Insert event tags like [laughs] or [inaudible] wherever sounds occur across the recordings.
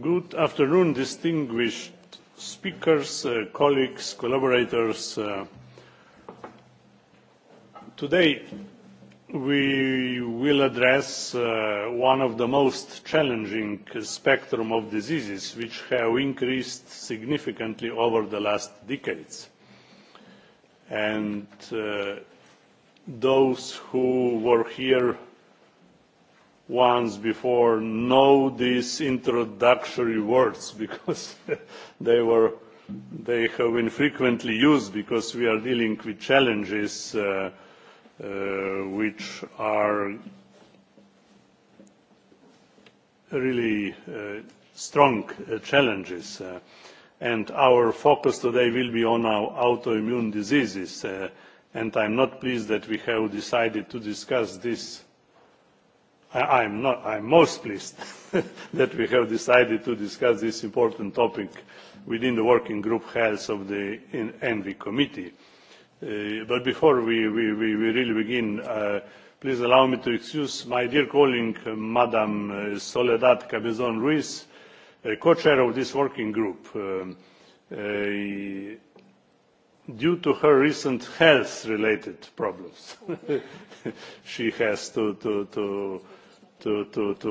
Good afternoon, distinguished speakers, uh, colleagues, collaborators. Uh, today, we will address uh, one of the most challenging spectrum of diseases which have increased significantly over the last decades. And uh, those who were here once before know these introductory words [laughs] because they were they have been frequently used because we are dealing with challenges uh, uh, which are really uh, strong challenges uh, and our focus today will be on our autoimmune diseases uh, and i'm not pleased that we have decided to discuss this i am I'm most pleased [laughs] that we have decided to discuss this important topic within the working group health of the ENVI committee. Uh, but before we, really begin, uh, please allow me to excuse my dear colleague, uh, Madam uh, Soledad Cabezón Ruiz, co-chair of this working group. Um, due to her recent health-related problems, [laughs] she has to to, to, to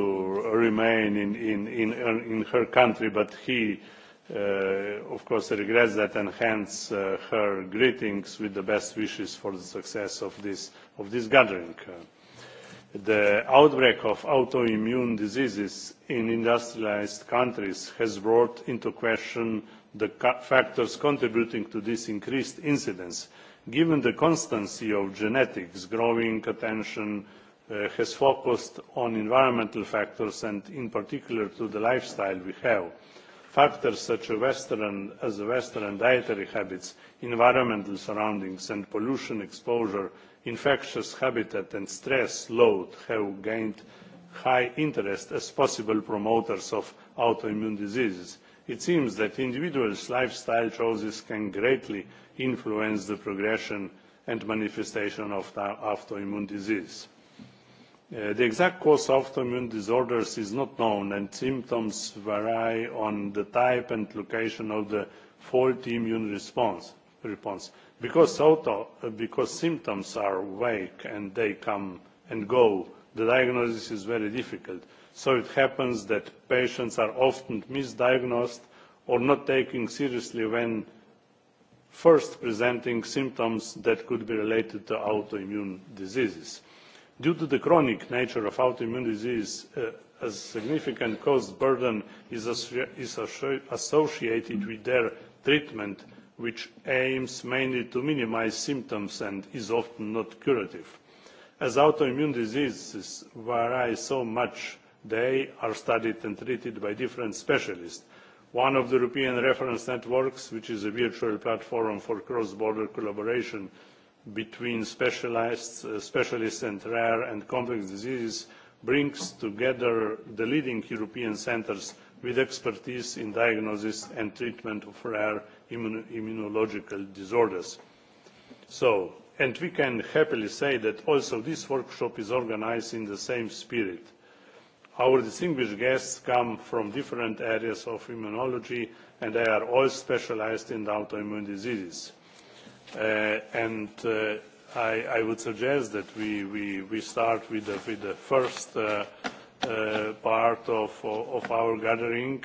remain in, in, in, in her country, but he, uh, of course, regrets that and hence uh, her greetings with the best wishes for the success of this, of this gathering. Uh, the outbreak of autoimmune diseases in industrialized countries has brought into question the factors contributing to this increased incidence. Given the constancy of genetics, growing attention Uh, has focused on environmental factors and in particular to the lifestyle we have. Factors such as Western, as Western dietary habits, environmental surroundings and pollution exposure, infectious habitat and stress load have gained high interest as possible promoters of autoimmune diseases. It seems that individuals' lifestyle choices can greatly influence the progression and manifestation of autoimmune disease. Uh, the exact cause of autoimmune disorders is not known, and symptoms vary on the type and location of the faulty immune response. response. Because, auto, uh, because symptoms are vague and they come and go, the diagnosis is very difficult. So it happens that patients are often misdiagnosed or not taken seriously when first presenting symptoms that could be related to autoimmune diseases due to the chronic nature of autoimmune disease uh, a significant cost burden is, is associated with their treatment which aims mainly to minimise symptoms and is often not curative. as autoimmune diseases vary so much they are studied and treated by different specialists. one of the european reference networks which is a virtual platform for cross border collaboration between specialized, uh, specialists and rare and complex diseases brings together the leading European centers with expertise in diagnosis and treatment of rare immun immunological disorders. So, and we can happily say that also this workshop is organized in the same spirit. Our distinguished guests come from different areas of immunology and they are all specialized in autoimmune diseases Uh, and uh, I, would suggest that we, we, we start with the, with the first uh, part of, of our gathering,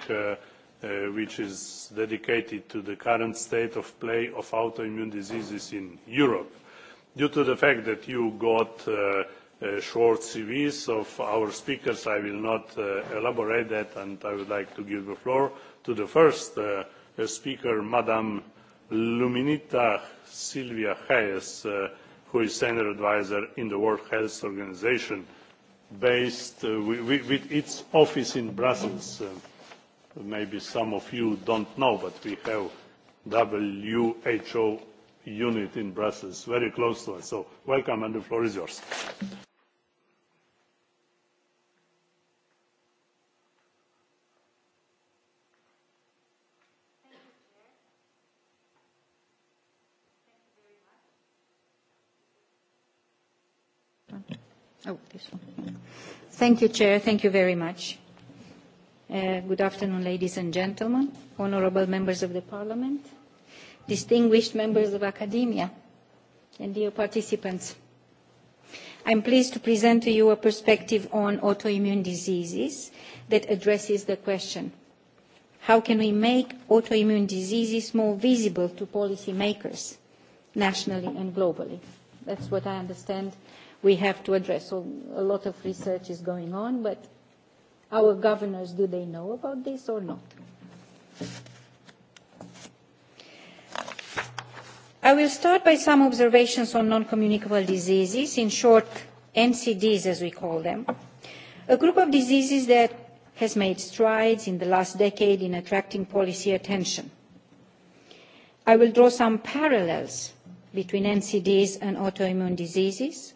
which is dedicated to the current state of play of autoimmune diseases in Europe. Due to the fact that you got short CVs of our speakers. I will not elaborate that, and I would like to give the floor to the first speaker, Madam Luminita Silvia Hayes, uh, who is senior advisor in the World Health Organization, based uh, with, its office in Brussels. Uh, maybe some of you don't know, but we have WHO unit in Brussels, very close to us. So welcome, and the floor is yours. Thank you, Chair. Thank you very much. Uh, good afternoon, ladies and gentlemen, honorable members of the Parliament, distinguished members of academia, and dear participants. I'm pleased to present to you a perspective on autoimmune diseases that addresses the question, how can we make autoimmune diseases more visible to policymakers, nationally and globally? That's what I understand we have to address. So a lot of research is going on, but our governors, do they know about this or not? I will start by some observations on non-communicable diseases, in short, NCDs as we call them, a group of diseases that has made strides in the last decade in attracting policy attention. I will draw some parallels between NCDs and autoimmune diseases,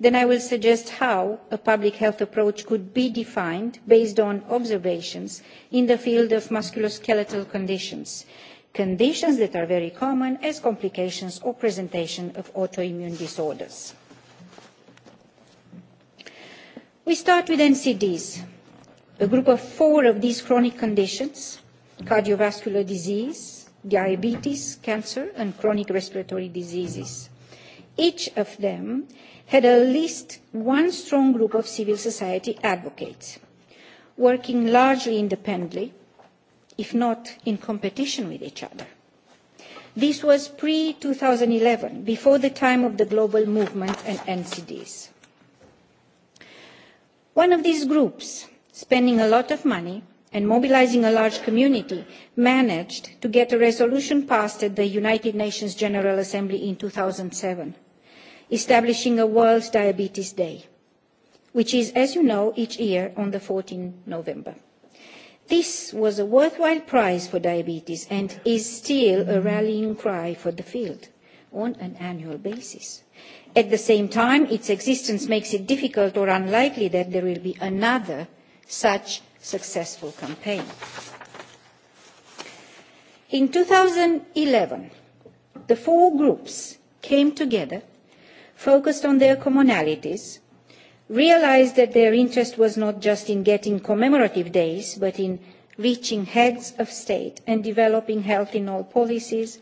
then I will suggest how a public health approach could be defined based on observations in the field of musculoskeletal conditions, conditions that are very common as complications or presentation of autoimmune disorders. We start with NCDs, a group of four of these chronic conditions, cardiovascular disease, diabetes, cancer, and chronic respiratory diseases. Each of them had at least one strong group of civil society advocates, working largely independently, if not in competition with each other. This was pre-2011, before the time of the global movement and NCDs. One of these groups, spending a lot of money and mobilizing a large community, managed to get a resolution passed at the United Nations General Assembly in 2007 establishing a World Diabetes Day, which is, as you know, each year on the 14th November. This was a worthwhile prize for diabetes and is still a rallying cry for the field on an annual basis. At the same time, its existence makes it difficult or unlikely that there will be another such successful campaign. In 2011, the four groups came together focused on their commonalities, realized that their interest was not just in getting commemorative days, but in reaching heads of state and developing health in all policies,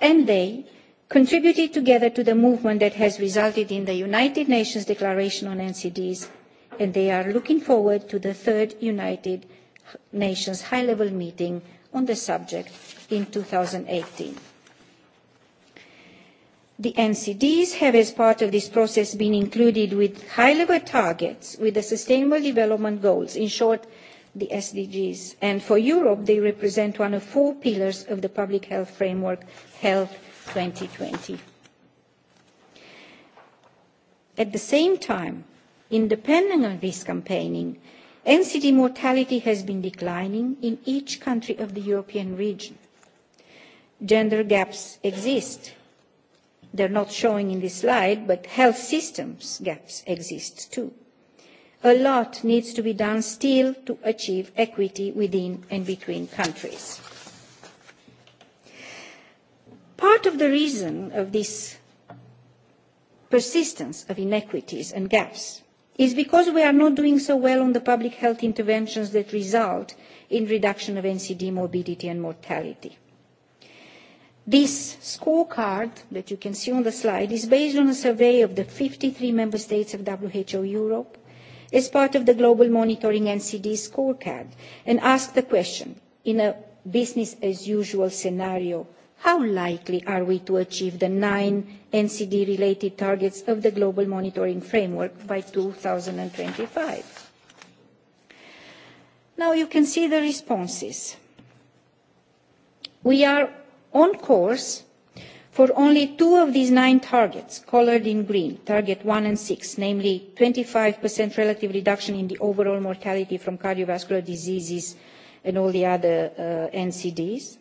and they contributed together to the movement that has resulted in the United Nations Declaration on NCDs, and they are looking forward to the third United Nations high-level meeting on the subject in 2018. The NCDs have, as part of this process, been included with high-level targets with the Sustainable Development Goals, in short, the SDGs. And for Europe, they represent one of four pillars of the public health framework, Health 2020. At the same time, independent of this campaigning, NCD mortality has been declining in each country of the European region. Gender gaps exist They're not showing in this slide, but health systems gaps exist too. A lot needs to be done still to achieve equity within and between countries. Part of the reason of this persistence of inequities and gaps is because we are not doing so well on the public health interventions that result in reduction of NCD morbidity and mortality. This scorecard that you can see on the slide is based on a survey of the 53 member states of WHO Europe as part of the Global Monitoring NCD scorecard and asked the question, in a business as usual scenario, how likely are we to achieve the nine NCD-related targets of the Global Monitoring Framework by 2025? Now you can see the responses. We are on course for only two of these nine targets, coloured in green, target one and six, namely 25% relative reduction in the overall mortality from cardiovascular diseases and all the other uh, NCDs,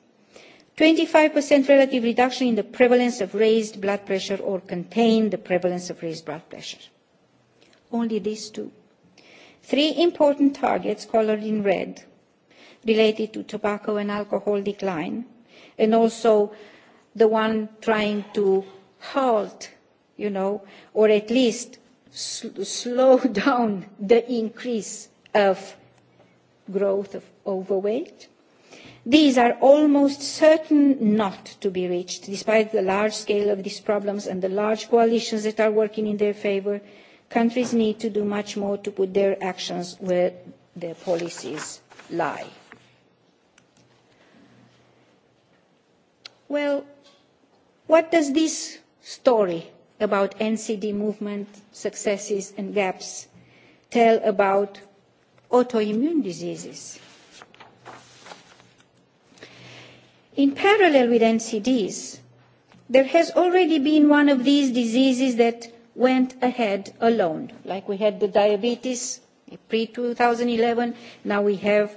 25% relative reduction in the prevalence of raised blood pressure or contain the prevalence of raised blood pressure. Only these two. Three important targets, coloured in red, related to tobacco and alcohol decline, and also the one trying to halt, you know, or at least sl slow [laughs] down the increase of growth of overweight. These are almost certain not to be reached, despite the large scale of these problems and the large coalitions that are working in their favour. Countries need to do much more to put their actions where their policies lie. Well, what does this story about NCD movement successes and gaps tell about autoimmune diseases? In parallel with NCDs, there has already been one of these diseases that went ahead alone, like we had the diabetes pre-2011, now we have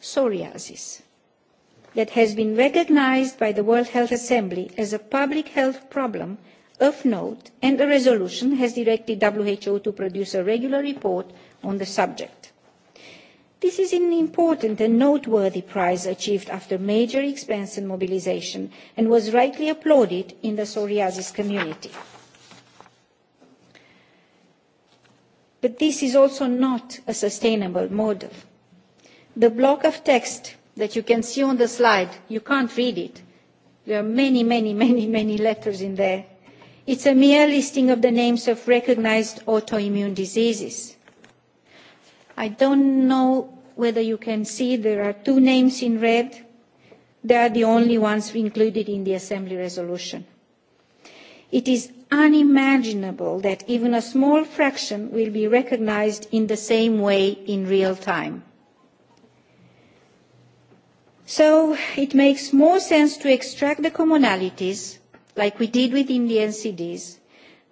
psoriasis that has been recognised by the World Health Assembly as a public health problem of note, and a resolution has directed WHO to produce a regular report on the subject. This is an important and noteworthy prize achieved after major expense and mobilisation, and was rightly applauded in the psoriasis community. But this is also not a sustainable model. The block of text that you can see on the slide. You can't read it. There are many, many, [laughs] many, many letters in there. It's a mere listing of the names of recognized autoimmune diseases. I don't know whether you can see there are two names in red. They are the only ones included in the Assembly resolution. It is unimaginable that even a small fraction will be recognized in the same way in real time. So it makes more sense to extract the commonalities, like we did within the NCDs,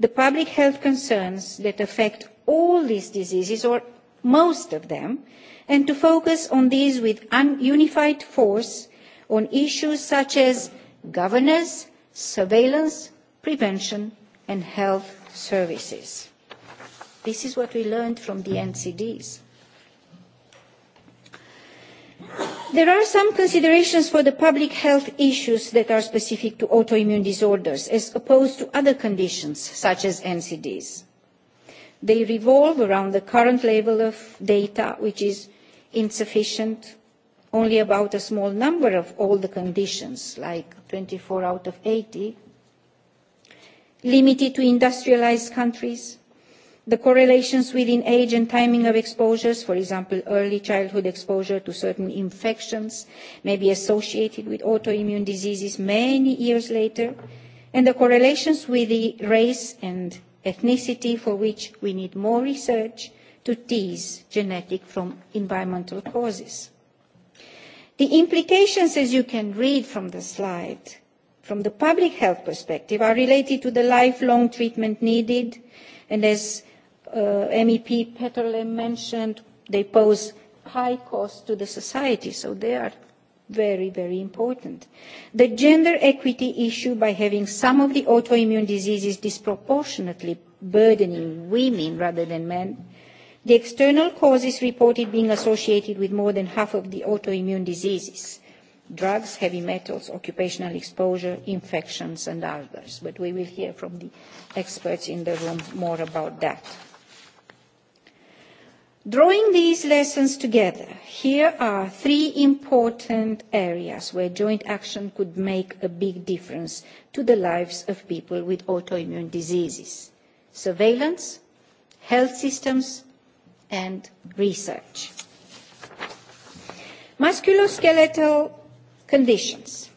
the public health concerns that affect all these diseases, or most of them, and to focus on these with unified force on issues such as governance, surveillance, prevention and health services. This is what we learned from the NCDs. There are some considerations for the public health issues that are specific to autoimmune disorders as opposed to other conditions such as NCDs. They revolve around the current level of data which is insufficient only about a small number of all the conditions like 24 out of 80 limited to industrialized countries the correlations within age and timing of exposures, for example, early childhood exposure to certain infections may be associated with autoimmune diseases many years later, and the correlations with the race and ethnicity for which we need more research to tease genetic from environmental causes. The implications, as you can read from the slide, from the public health perspective, are related to the lifelong treatment needed and as Uh, MEP Peterle mentioned, they pose high cost to the society, so they are very, very important. The gender equity issue by having some of the autoimmune diseases disproportionately burdening women rather than men, the external causes reported being associated with more than half of the autoimmune diseases, drugs, heavy metals, occupational exposure, infections and others. But we will hear from the experts in the room more about that. Drawing these lessons together, here are three important areas where joint action could make a big difference to the lives of people with autoimmune diseases. Surveillance, health systems, and research. Musculoskeletal conditions.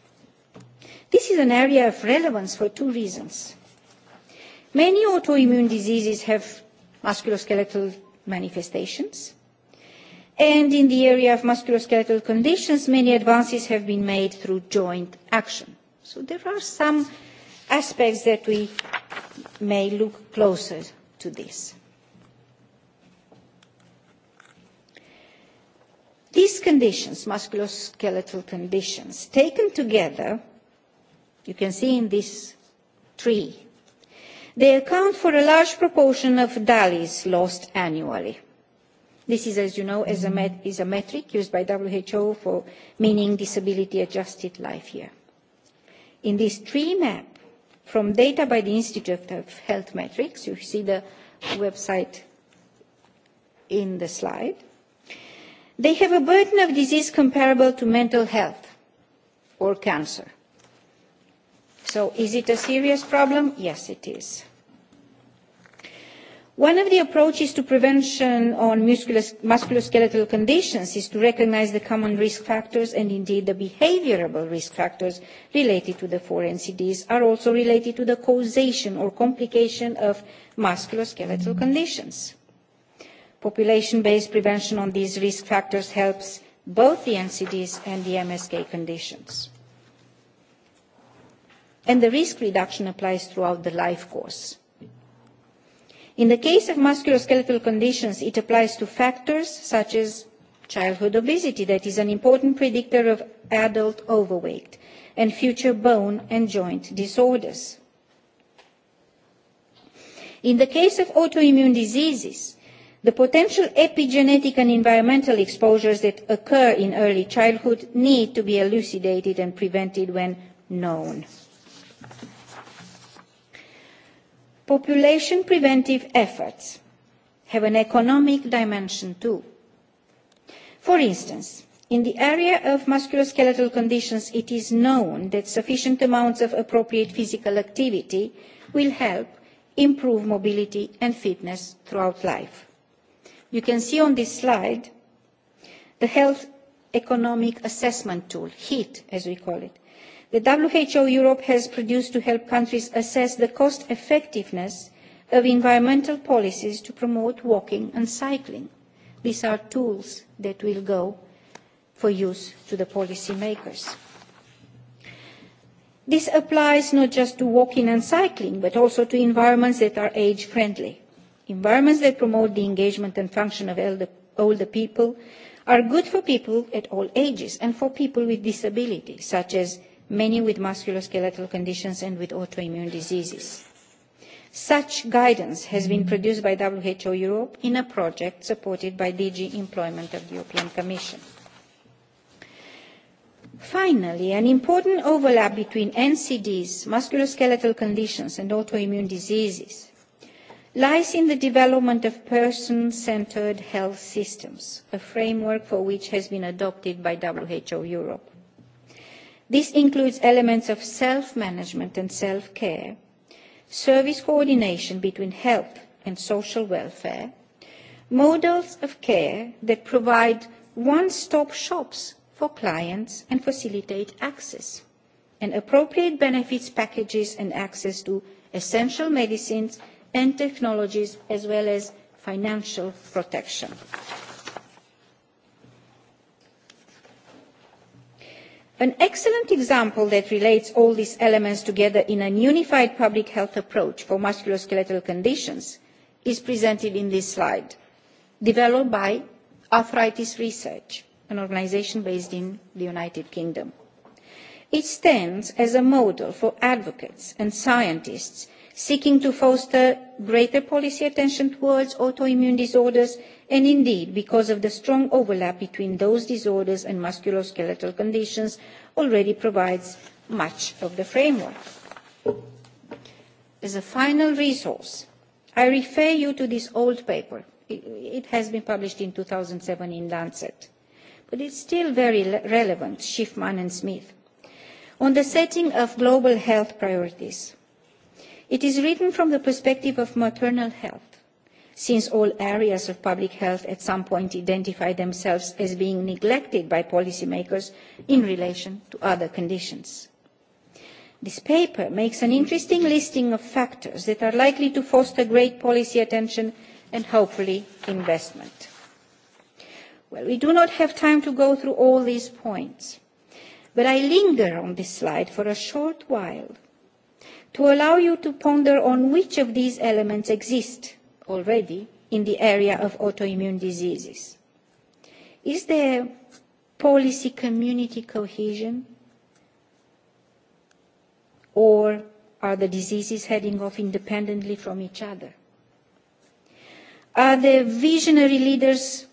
This is an area of relevance for two reasons. Many autoimmune diseases have musculoskeletal manifestations. And in the area of musculoskeletal conditions, many advances have been made through joint action. So there are some aspects that we may look closer to this. These conditions, musculoskeletal conditions, taken together, you can see in this tree They account for a large proportion of DALIs lost annually. This is, as you know, a met is a metric used by WHO for meaning disability-adjusted life year. In this tree map, from data by the Institute of Health Metrics, you see the website in the slide, they have a burden of disease comparable to mental health or cancer. So is it a serious problem? Yes, it is. One of the approaches to prevention on musculoskeletal conditions is to recognize the common risk factors and indeed the behavioral risk factors related to the four NCDs are also related to the causation or complication of musculoskeletal conditions. Population-based prevention on these risk factors helps both the NCDs and the MSK conditions. And the risk reduction applies throughout the life course In the case of musculoskeletal conditions, it applies to factors such as childhood obesity, that is an important predictor of adult overweight, and future bone and joint disorders. In the case of autoimmune diseases, the potential epigenetic and environmental exposures that occur in early childhood need to be elucidated and prevented when known. Population preventive efforts have an economic dimension too. For instance, in the area of musculoskeletal conditions, it is known that sufficient amounts of appropriate physical activity will help improve mobility and fitness throughout life. You can see on this slide the health economic assessment tool, HEAT as we call it, The WHO Europe has produced to help countries assess the cost effectiveness of environmental policies to promote walking and cycling. These are tools that will go for use to the policymakers. This applies not just to walking and cycling, but also to environments that are age-friendly. Environments that promote the engagement and function of elder, older people are good for people at all ages and for people with disabilities, such as many with musculoskeletal conditions and with autoimmune diseases. Such guidance has been mm-hmm. produced by WHO Europe in a project supported by DG Employment of the European Commission. Finally, an important overlap between NCDs, musculoskeletal conditions, and autoimmune diseases lies in the development of person-centered health systems, a framework for which has been adopted by WHO Europe. This includes elements of self-management and self-care, service coordination between health and social welfare, models of care that provide one-stop shops for clients and facilitate access, and appropriate benefits packages and access to essential medicines and technologies, as well as financial protection. An excellent example that relates all these elements together in a unified public health approach for musculoskeletal conditions is presented in this slide, developed by Arthritis Research, an organisation based in the United Kingdom. It stands as a model for advocates and scientists seeking to foster greater policy attention towards autoimmune disorders and indeed because of the strong overlap between those disorders and musculoskeletal conditions already provides much of the framework. As a final resource, I refer you to this old paper. It has been published in 2007 in Lancet, but it's still very relevant, Schiffman and Smith, on the setting of global health priorities It is written from the perspective of maternal health, since all areas of public health at some point identify themselves as being neglected by policymakers in relation to other conditions. This paper makes an interesting listing of factors that are likely to foster great policy attention and hopefully investment. Well, we do not have time to go through all these points, but I linger on this slide for a short while to allow you to ponder on which of these elements exist already in the area of autoimmune diseases. Is there policy community cohesion? Or are the diseases heading off independently from each other? Are there visionary leaders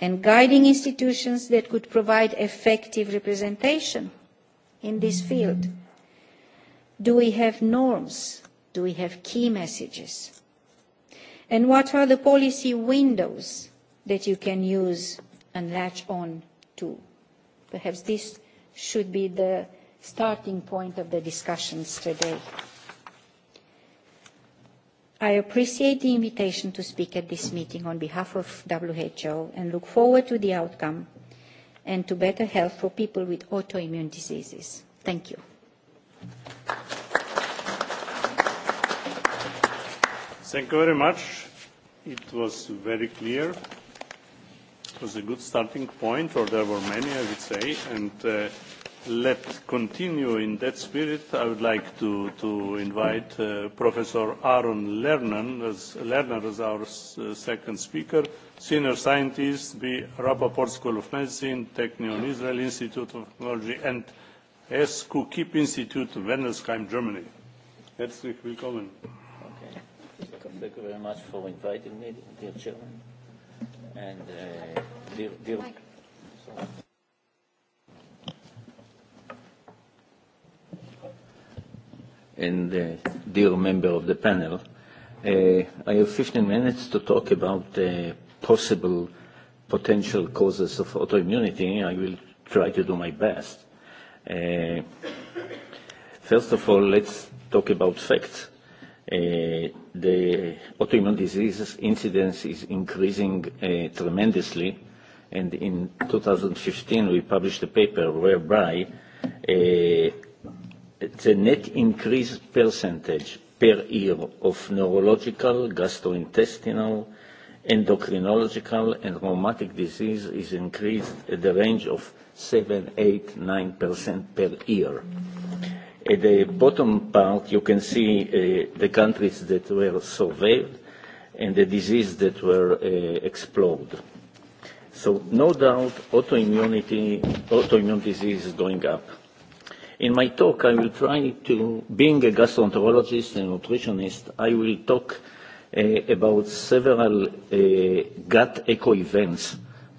and guiding institutions that could provide effective representation in this field? Mm-hmm do we have norms? Do we have key messages? And what are the policy windows that you can use and latch on to? Perhaps this should be the starting point of the discussions today. I appreciate the invitation to speak at this meeting on behalf of WHO and look forward to the outcome and to better health for people with autoimmune diseases. Thank you. Thank you very much. It was very clear. It was a good starting point, or there were many, I would say. And uh, let's continue in that spirit. I would like to, to invite uh, Professor Aaron Lerner as, Lerner as our uh, second speaker, senior scientist, the Rappaport School of Medicine, Technion Israel Institute of Technology, and s. KuKip Institute, Wendelsheim, Germany. Herzlich willkommen. Okay. Thank you very much for inviting me, dear Chairman. And uh, dear, dear... And uh, dear member of the panel, uh, I have 15 minutes to talk about uh, possible potential causes of autoimmunity. I will try to do my best Uh, first of all, let's talk about facts. Uh, the autoimmune disease incidence is increasing uh, tremendously, and in 2015 we published a paper whereby uh, the net increase percentage per year of neurological, gastrointestinal, endocrinological, and rheumatic disease is increased at the range of 7, nine 9% per year. At uh, the bottom part, you can see uh, the countries that were surveyed and the disease that were uh, explored. So no doubt, autoimmunity, autoimmune disease is going up. In my talk, I will try to, being a gastroenterologist and nutritionist, I will talk uh, about several uh, gut eco events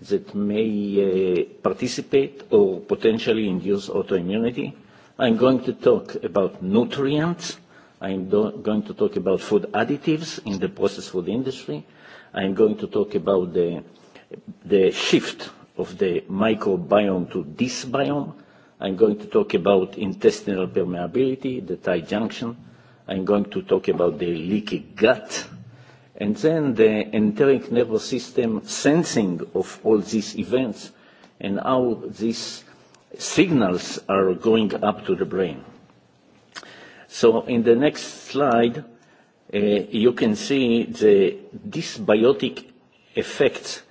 that may uh, participate or potentially induce autoimmunity. I'm going to talk about nutrients. I'm going to talk about food additives in the processed food industry. I'm going to talk about the, the shift of the microbiome to this biome. I'm going to talk about intestinal permeability, the tight junction. I'm going to talk about the leaky gut And then the enteric nervous system sensing of all these events and how these signals are going up to the brain. So in the next slide, uh, you can see the dysbiotic effects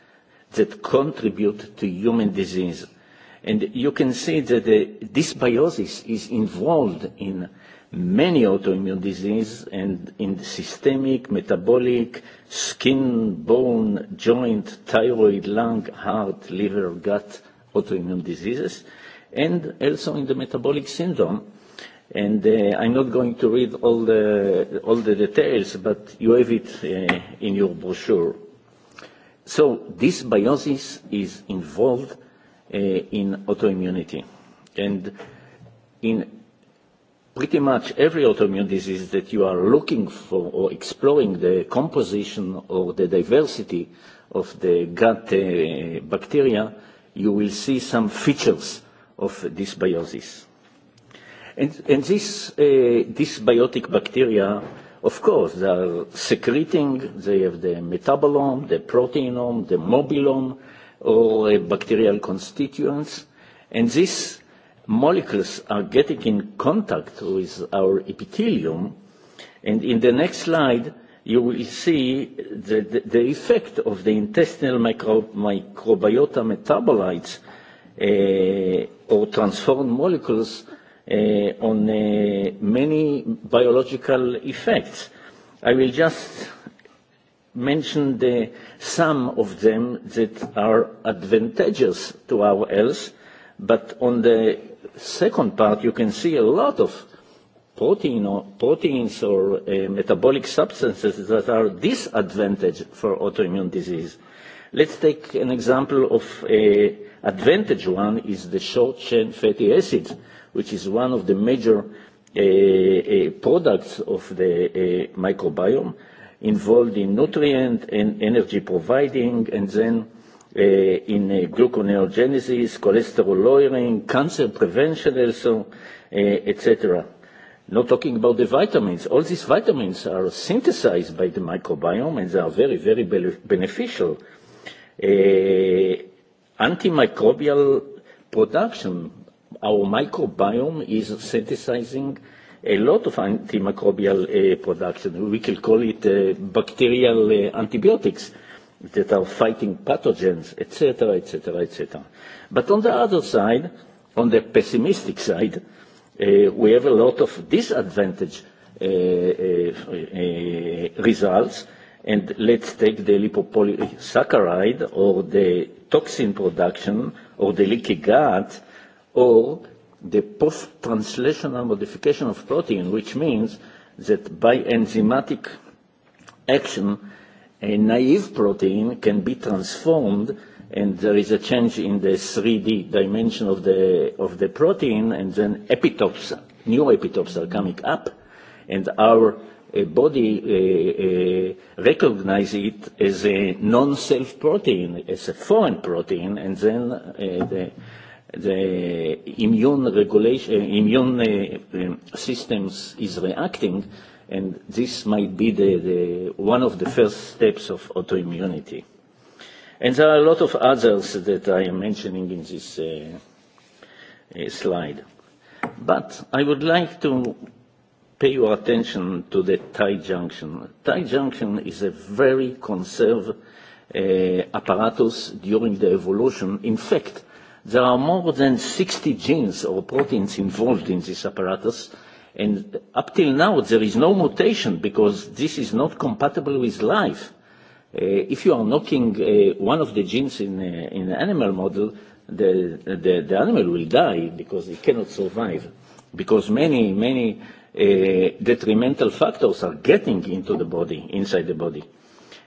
that contribute to human disease And you can see that the dysbiosis is involved in many autoimmune diseases and in systemic, metabolic, skin, bone, joint, thyroid, lung, heart, liver, gut autoimmune diseases, and also in the metabolic syndrome. And uh, I'm not going to read all the, all the details, but you have it uh, in your brochure. So dysbiosis is involved Eh, in autoimmunity. And in pretty much every autoimmune disease that you are looking for or exploring the composition or the diversity of the gut uh, bacteria, you will see some features of dysbiosis. And, and this, uh, bacteria, of course, they are secreting, they have the metabolome, the proteinome, the mobilome, or bacterial constituents. And these molecules are getting in contact with our epithelium. And in the next slide, you will see the, the, the effect of the intestinal micro, microbiota metabolites uh, or transformed molecules uh, on uh, many biological effects. I will just mention the, some of them that are advantageous to our health, but on the second part, you can see a lot of protein or, proteins or uh, metabolic substances that are disadvantage for autoimmune disease. Let's take an example of a uh, advantage one is the short-chain fatty acids, which is one of the major uh, uh, products of the uh, microbiome involved in nutrient and energy providing, and then uh, in uh, gluconeogenesis, cholesterol lowering, cancer prevention also, uh, etc. Not talking about the vitamins. All these vitamins are synthesized by the microbiome and they are very, very be beneficial. Uh, antimicrobial production, our microbiome is synthesizing uh, a lot of antimicrobial uh, production. We could call it uh, bacterial uh, antibiotics that are fighting pathogens, etc., etc., etc. But on the other side, on the pessimistic side, uh, we have a lot of disadvantage uh, uh, uh, results. And let's take the lipopolysaccharide or the toxin production or the leaky gut or the post-translational modification of protein, which means that by enzymatic action, a naive protein can be transformed and there is a change in the 3D dimension of the, of the protein and then epitopes, new epitopes are coming up and our uh, body uh, uh, recognize it as a non-self protein, as a foreign protein and then uh, the the immune regulation, immune uh, um, systems is reacting, and this might be the, the, one of the first steps of autoimmunity. And there are a lot of others that I am mentioning in this uh, uh, slide. But I would like to pay your attention to the tight junction. Tight junction is a very conserved uh, apparatus during the evolution. In fact, There are more than 60 genes or proteins involved in this apparatus, and up till now there is no mutation because this is not compatible with life. Uh, if you are knocking uh, one of the genes in, uh, in an animal model, the, the, the animal will die because it cannot survive, because many, many uh, detrimental factors are getting into the body, inside the body.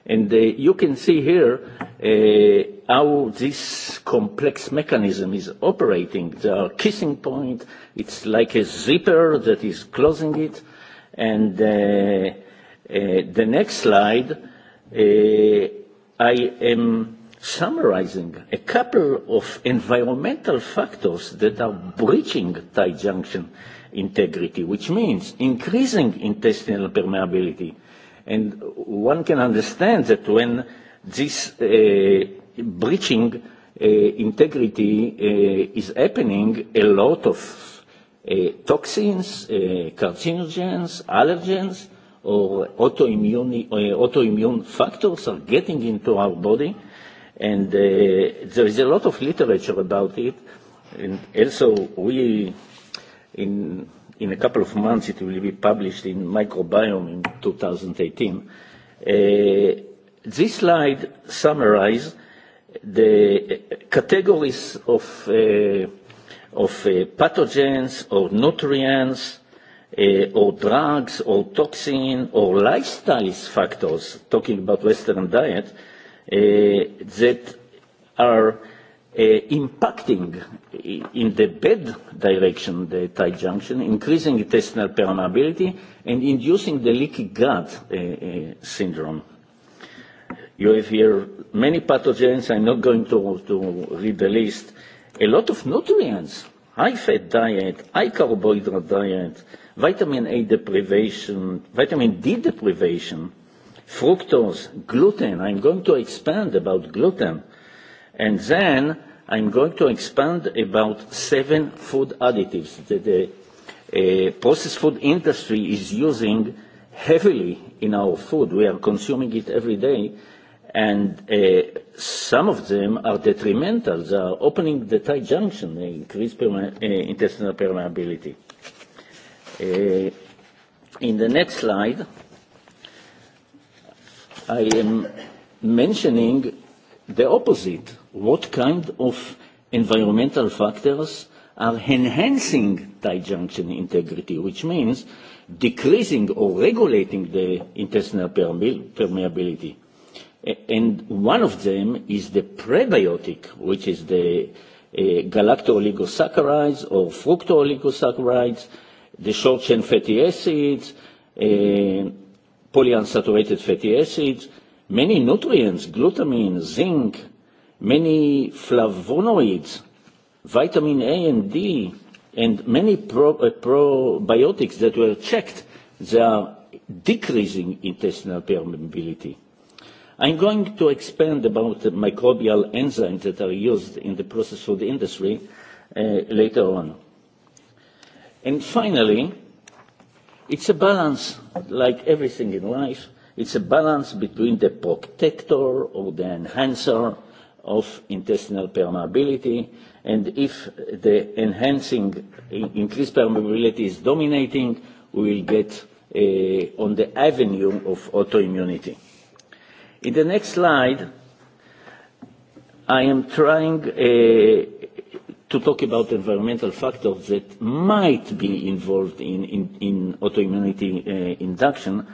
And uh, you can see here uh, how this complex mechanism is operating. The kissing point. It's like a zipper that is closing it. And uh, uh, the next slide, uh, I am summarizing a couple of environmental factors that are breaching tight junction integrity, which means increasing intestinal permeability. And one can understand that when this uh, breaching uh, integrity uh, is happening a lot of uh, toxins, uh, carcinogens, allergens, or autoimmune, uh, autoimmune factors are getting into our body. And uh, there is a lot of literature about it. And also, we, in, in a couple of months, it will be published in Microbiome in 2018. Uh, this slide summarizes the categories of, uh, uh, pathogens or nutrients uh, or drugs or toxin or lifestyle factors, talking about Western diet, that are impacting in the bad direction the tight junction, increasing intestinal permeability and inducing the leaky gut syndrome You have here many pathogens. I'm not going to, to read the list. A lot of nutrients, high fat diet, high carbohydrate diet, vitamin A deprivation, vitamin D deprivation, fructose, gluten. I'm going to expand about gluten. And then I'm going to expand about seven food additives that the uh, processed food industry is using heavily in our food. We are consuming it every day, And uh, some of them are detrimental. They are opening the tight junction, they uh, increase perma- uh, intestinal permeability. Uh, in the next slide, I am mentioning the opposite. What kind of environmental factors are enhancing tight junction integrity, which means decreasing or regulating the intestinal permeability? and one of them is the prebiotic, which is the uh, galacto-oligosaccharides or fructo-oligosaccharides, the short-chain fatty acids, uh, polyunsaturated fatty acids, many nutrients, glutamine, zinc, many flavonoids, vitamin A and D, and many pro, uh, probiotics that were checked, they are decreasing intestinal permeability. I'm going to expand about the microbial enzymes that are used in the processed food industry uh, later on. And finally, it's a balance, like everything in life, it's a balance between the protector or the enhancer of intestinal permeability, and if the enhancing increased permeability is dominating, we will get uh, on the avenue of autoimmunity. In the next slide, I am trying uh, to talk about environmental factors that might be involved in, in, in autoimmunity uh, induction.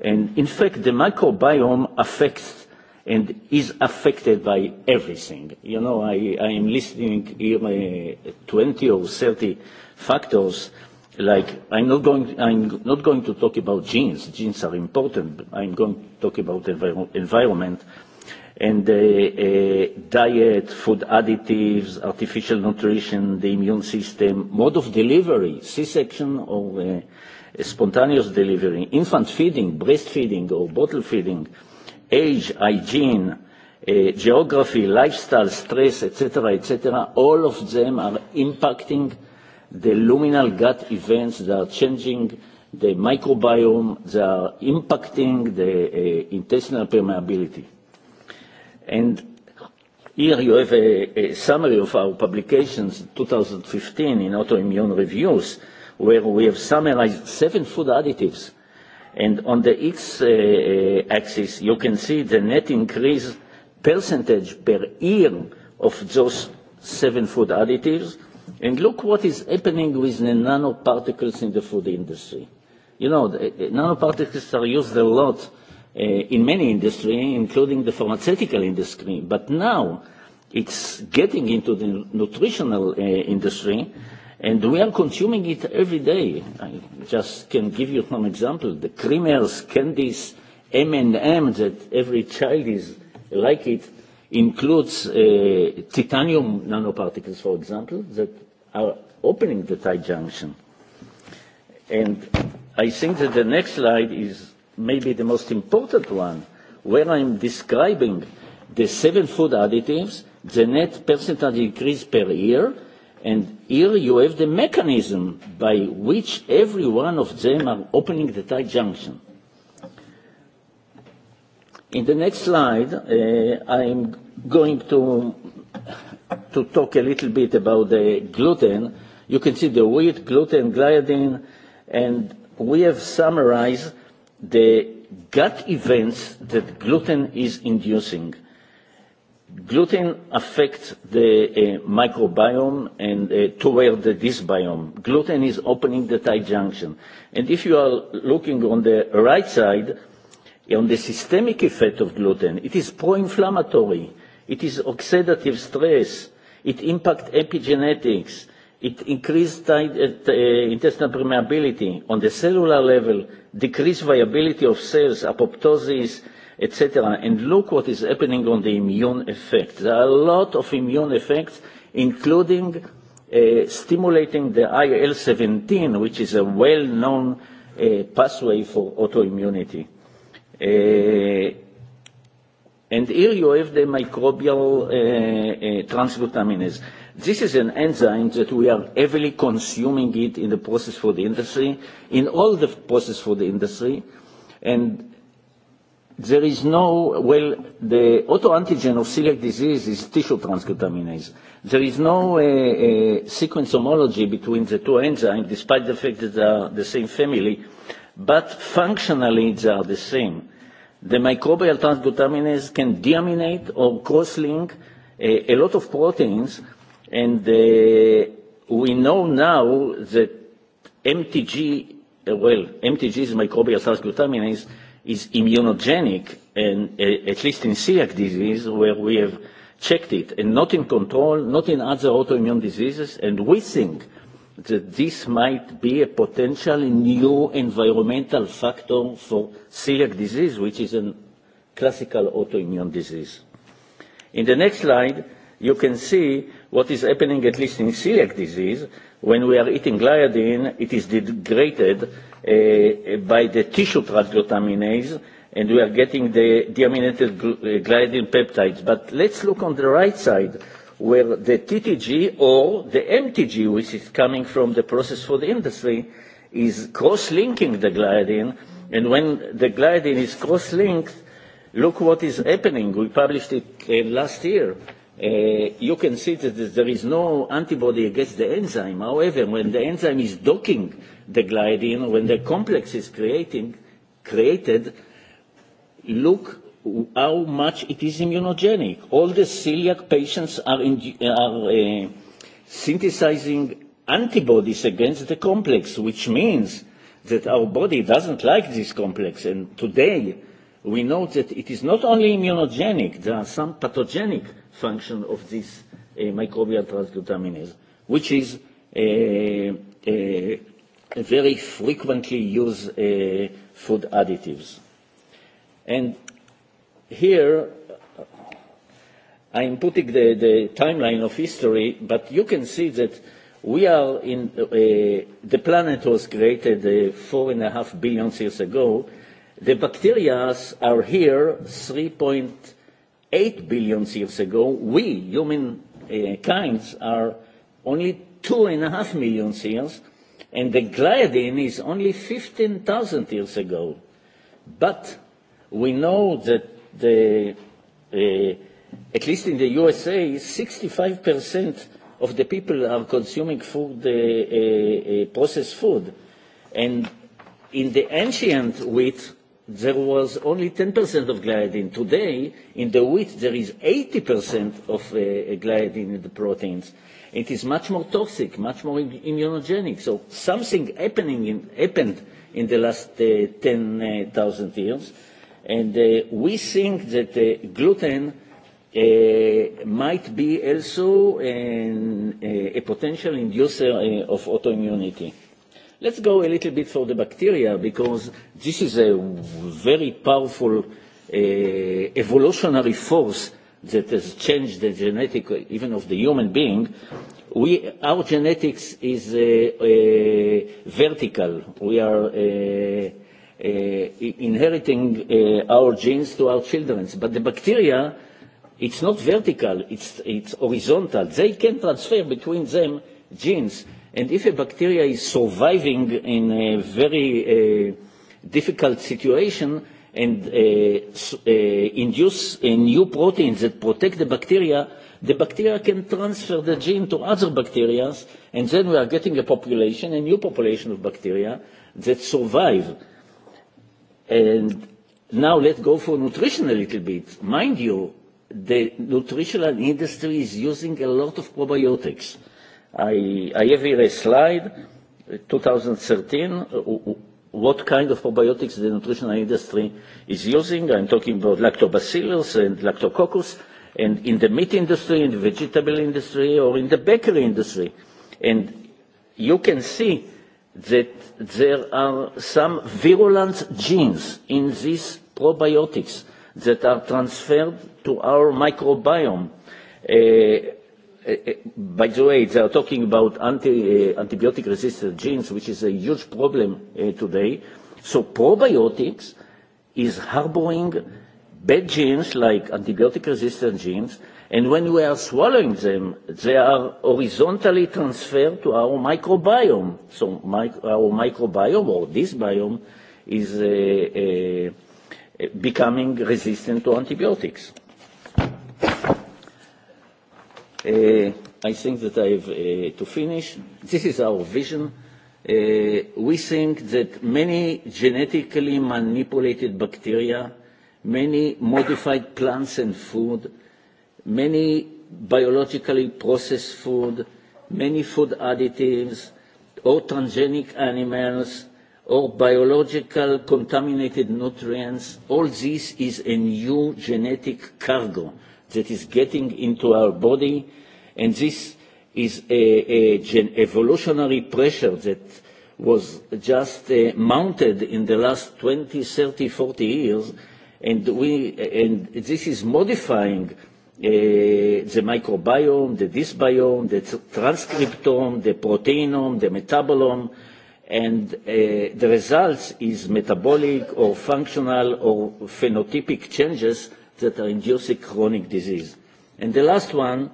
And in fact, the microbiome affects and is affected by everything. You know, I, I am listening here uh, 20 or 30 factors like I'm not going I'm not going to talk about genes. Genes are important. But I'm going to talk about envir environment and uh, uh, diet, food additives, artificial nutrition, the immune system, mode of delivery, C-section or uh, spontaneous delivery, infant feeding, breastfeeding or bottle feeding, age, hygiene, uh, geography, lifestyle, stress, etc., etc. All of them are impacting the luminal gut events that are changing the microbiome, that are impacting the uh, intestinal permeability. And here you have a, a summary of our publications 2015 in autoimmune reviews, where we have summarized seven food additives. And on the x-axis, uh, uh you can see the net increase percentage per year of those seven food additives And look what is happening with the nanoparticles in the food industry. You know, the, the nanoparticles are used a lot uh, in many industries, including the pharmaceutical industry. But now it's getting into the nutritional uh, industry, and we are consuming it every day. I just can give you some examples. The creamers, candies, M&M that every child is like it includes uh, titanium nanoparticles, for example, that are opening the tight junction. And I think that the next slide is maybe the most important one, where I'm describing the seven food additives, the net percentage increase per year, and here you have the mechanism by which every one of them are opening the tight junction. In the next slide, uh, I'm going to, to talk a little bit about the gluten. You can see the wheat, gluten, gliadin, and we have summarized the gut events that gluten is inducing. Gluten affects the uh, microbiome and uh, toward the dysbiome. Gluten is opening the tight junction. And if you are looking on the right side, On the systemic effect of gluten, it is pro-inflammatory, it is oxidative stress, it impacts epigenetics, it increased eh, eh, intestinal permeability on the cellular level, decreased viability of cells, apoptosis, etc. And look what is happening on the immune effect. There are a lot of immune effects, including uh, stimulating the IL-17, which is a well-known uh, pathway for autoimmunity. Uh, and here you have the microbial uh, uh, transglutaminase. This is an enzyme that we are heavily consuming it in the process for the industry, in all the process for the industry, and there is no, well, the autoantigen of celiac disease is tissue transglutaminase. There is no uh, uh, sequence homology between the two enzymes, despite the fact that they are the same family, but functionally they are the same the microbial transglutaminase can deaminate or cross-link a, eh, a lot of proteins, and uh, we know now that MTG, uh, eh, well, MTG is microbial transglutaminase, is immunogenic, and uh, at least in celiac disease, where we have checked it, and not in control, not in other autoimmune diseases, and we think that this might be a potential new environmental factor for celiac disease, which is a classical autoimmune disease. In the next slide, you can see what is happening, at least in celiac disease. When we are eating gliadin, it is degraded uh, by the tissue transglutaminase, and we are getting the deaminated gliadin peptides. But let's look on the right side where the TTG or the MTG, which is coming from the process for the industry, is cross-linking the gliadin. And when the gliadin is cross-linked, look what is happening. We published it uh, last year. Uh, you can see that there is no antibody against the enzyme. However, when the enzyme is docking the gliadin, when the complex is creating, created, look how much it is immunogenic. All the celiac patients are, in, are uh, synthesizing antibodies against the complex, which means that our body doesn't like this complex. And today, we know that it is not only immunogenic, there are some pathogenic function of this uh, microbial transglutaminase, which is a, eh, a, very frequently used uh, food additives. And here I'm putting the, the timeline of history, but you can see that we are in uh, the planet was created uh, four and a half billion years ago. The bacteria are here 3.8 billion years ago. We, human uh, kinds, are only two and a half million years, and the gliadin is only 15,000 years ago. But we know that the, uh, at least in the USA, 65% of the people are consuming food, uh, uh, processed food. And in the ancient wheat, there was only 10% of gliadin. Today, in the wheat, there is 80% of uh, gliadin in the proteins. It is much more toxic, much more immunogenic. So something happening in, happened in the last uh, 10,000 uh, years. And uh, we think that uh, gluten uh, might be also an, uh, a potential inducer uh, of autoimmunity. Let's go a little bit for the bacteria because this is a very powerful uh, evolutionary force that has changed the genetic even of the human being. We, our genetics is uh, uh, vertical. We are uh, uh, inheriting uh, our genes to our children. But the bacteria, it's not vertical, it's, it's horizontal. They can transfer between them genes. And if a bacteria is surviving in a very uh, difficult situation and uh, uh, induce a new protein that protect the bacteria, the bacteria can transfer the gene to other bacteria, and then we are getting a population, a new population of bacteria that survive And now let's go for nutrition a little bit. Mind you, the nutritional industry is using a lot of probiotics. I, I have here a slide, 2013, what kind of probiotics the nutritional industry is using. I'm talking about lactobacillus and lactococcus, and in the meat industry, in the vegetable industry, or in the bakery industry. And you can see that there are some virulent genes in these probiotics that are transferred to our microbiome. Uh, uh by the way, they are talking about anti, uh, antibiotic-resistant genes, which is a huge problem uh, today. So probiotics is harboring bad genes like antibiotic-resistant genes And when we are swallowing them, they are horizontally transferred to our microbiome. So my, our microbiome or this biome is uh, uh, becoming resistant to antibiotics. Uh, I think that I have uh, to finish. This is our vision. Uh, we think that many genetically manipulated bacteria, many modified plants and food, many biologically processed food, many food additives, or transgenic animals, or biological contaminated nutrients, all this is a new genetic cargo that is getting into our body, and this is a, a gen evolutionary pressure that was just uh, mounted in the last 20, 30, 40 years, and, we, and this is modifying the eh, microbiome, the dysbiome, the transcriptome, the proteinome, the metabolome, and uh, the results is metabolic or functional or phenotypic changes that are inducing chronic disease. And the last one,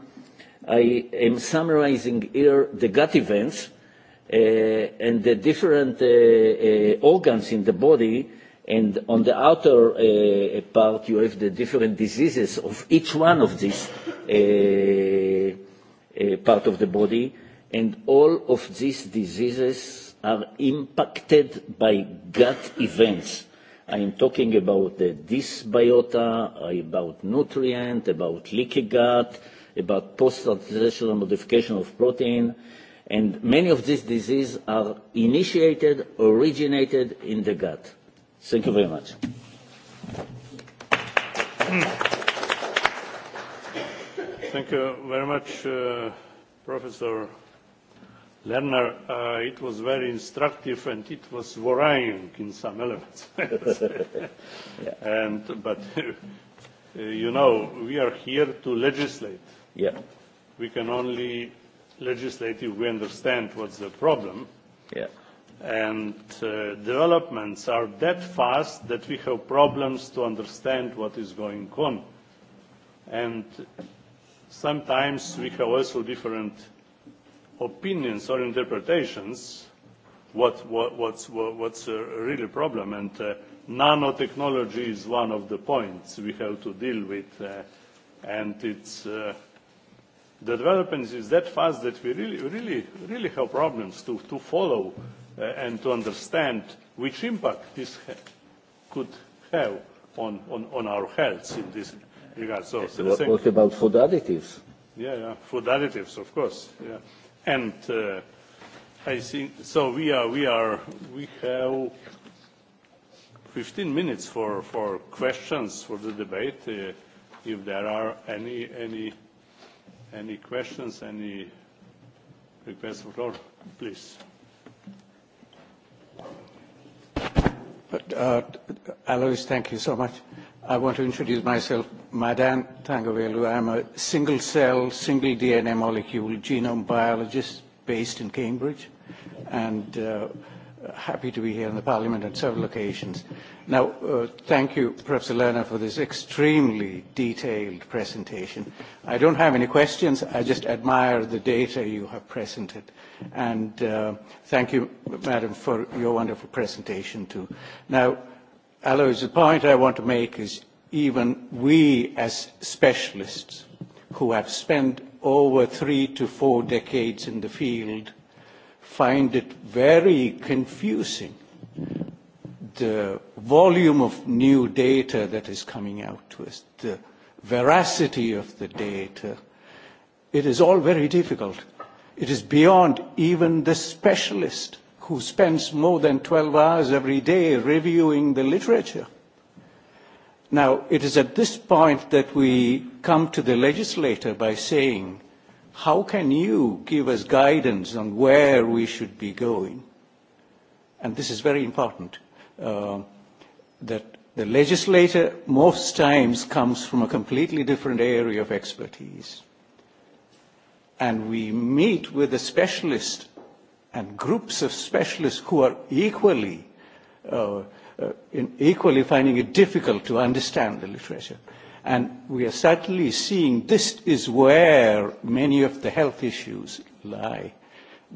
I am summarizing here the gut events uh, and the different uh, uh, organs in the body and on the outer uh, part you have the different diseases of each one of these uh, uh, part of the body, and all of these diseases are impacted by gut events. I am talking about the dysbiota, about nutrient, about leaky gut, about post-translational modification of protein, and many of these diseases are initiated, originated in the gut Thank you very much. Thank you very much, uh, Professor Lerner. Uh, it was very instructive and it was worrying in some elements. [laughs] yeah. and, but [laughs] uh, you know, we are here to legislate. Yeah. We can only legislate if we understand what's the problem. Yeah and uh, developments are that fast that we have problems to understand what is going on. And sometimes we have also different opinions or interpretations what, what, what's, what, what's a really problem. And uh, nanotechnology is one of the points we have to deal with. Uh, and it's, uh, the development is that fast that we really, really, really have problems to, to follow Uh, and to understand which impact this ha could have on, on, on our health in this regard. So, so what, what about food additives? Yeah, yeah, food additives, of course. Yeah. And uh, I think so. We are we are we have 15 minutes for for questions for the debate. Uh, if there are any any any questions, any requests for floor, please. But uh, Alois, thank you so much. I want to introduce myself, Madan Tangavelu. I'm a single cell, single DNA molecule genome biologist based in Cambridge. And uh, Uh, happy to be here in the Parliament on several occasions. Now, uh, thank you, Professor Lerner, for this extremely detailed presentation. I don't have any questions. I just admire the data you have presented. And uh, thank you, Madam, for your wonderful presentation, too. Now, Alois, the point I want to make is even we as specialists who have spent over three to four decades in the field – find it very confusing, the volume of new data that is coming out to us, the veracity of the data. It is all very difficult. It is beyond even the specialist who spends more than 12 hours every day reviewing the literature. Now, it is at this point that we come to the legislator by saying, how can you give us guidance on where we should be going? And this is very important, uh, that the legislator most times comes from a completely different area of expertise. And we meet with a specialist and groups of specialists who are equally, uh, uh, in equally finding it difficult to understand the literature. Uh, And we are certainly seeing this is where many of the health issues lie.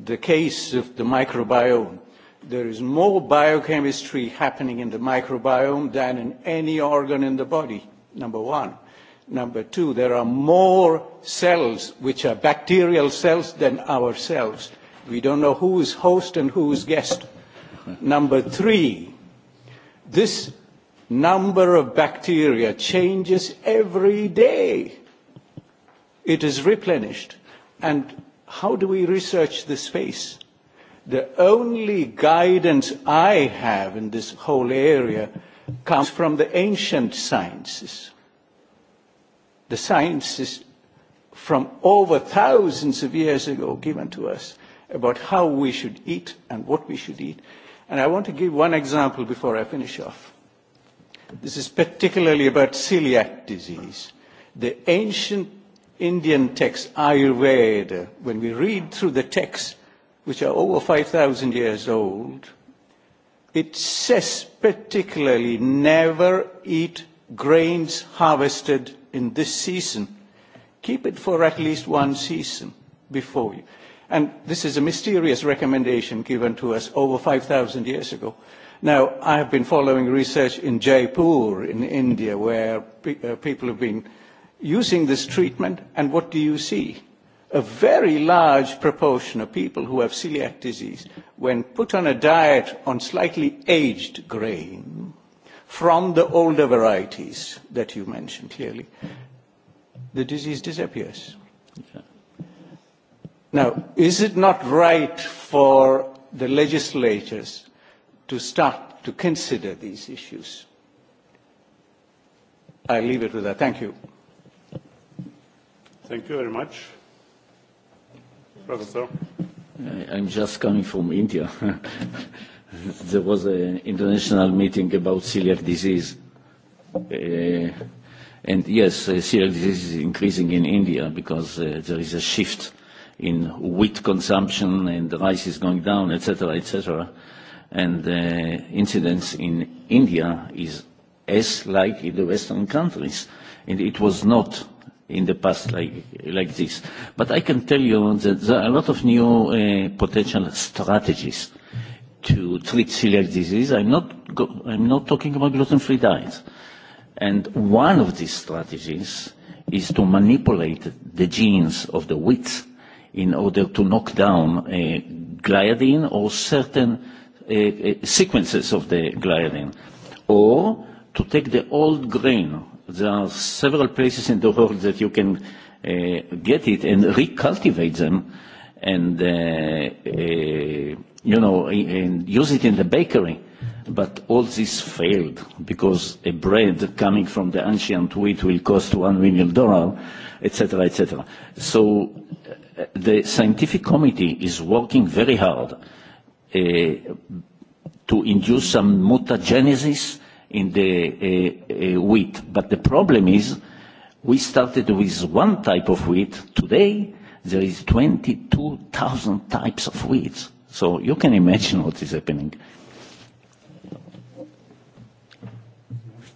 The case of the microbiome. There is more biochemistry happening in the microbiome than in any organ in the body, number one. Number two, there are more cells which are bacterial cells than our cells. We don't know who is host and who is guest. Number three, this number of bacteria changes every day. It is replenished. And how do we research this space? The only guidance I have in this whole area comes from the ancient sciences. The sciences from over thousands of years ago given to us about how we should eat and what we should eat. And I want to give one example before I finish off This is particularly about celiac disease. The ancient Indian text, Ayurveda, when we read through the texts, which are over 5,000 years old, it says particularly never eat grains harvested in this season. Keep it for at least one season before you. And this is a mysterious recommendation given to us over 5,000 years ago. Now, I have been following research in Jaipur in India where pe uh, people have been using this treatment, and what do you see? A very large proportion of people who have celiac disease, when put on a diet on slightly aged grain from the older varieties that you mentioned clearly, the disease disappears. Okay. Now, is it not right for the legislators to start to consider these issues. I leave it with that. Thank you. Thank you very much. Professor? I'm just coming from India. [laughs] there was an international meeting about celiac disease. Uh, and yes, uh, celiac disease is increasing in India because uh, there is a shift in wheat consumption and the rice is going down, etc., etc and the incidence in India is as like in the Western countries. And it was not in the past like, like this. But I can tell you that there are a lot of new uh, potential strategies to treat celiac disease. I'm not, go, I'm not talking about gluten-free diets. And one of these strategies is to manipulate the genes of the wheat in order to knock down uh, gliadin or certain Eh, eh, sequences of the gliadin, or to take the old grain. There are several places in the world that you can uh, get it and recultivate them, and uh, uh, you know, and use it in the bakery. But all this failed because a bread coming from the ancient wheat will cost one million dollar, etc., etc. So the scientific committee is working very hard Eh, to induce some mutagenesis in the uh, uh, wheat. But the problem is we started with one type of wheat. Today, there is 22,000 types of wheat. So you can imagine what is happening.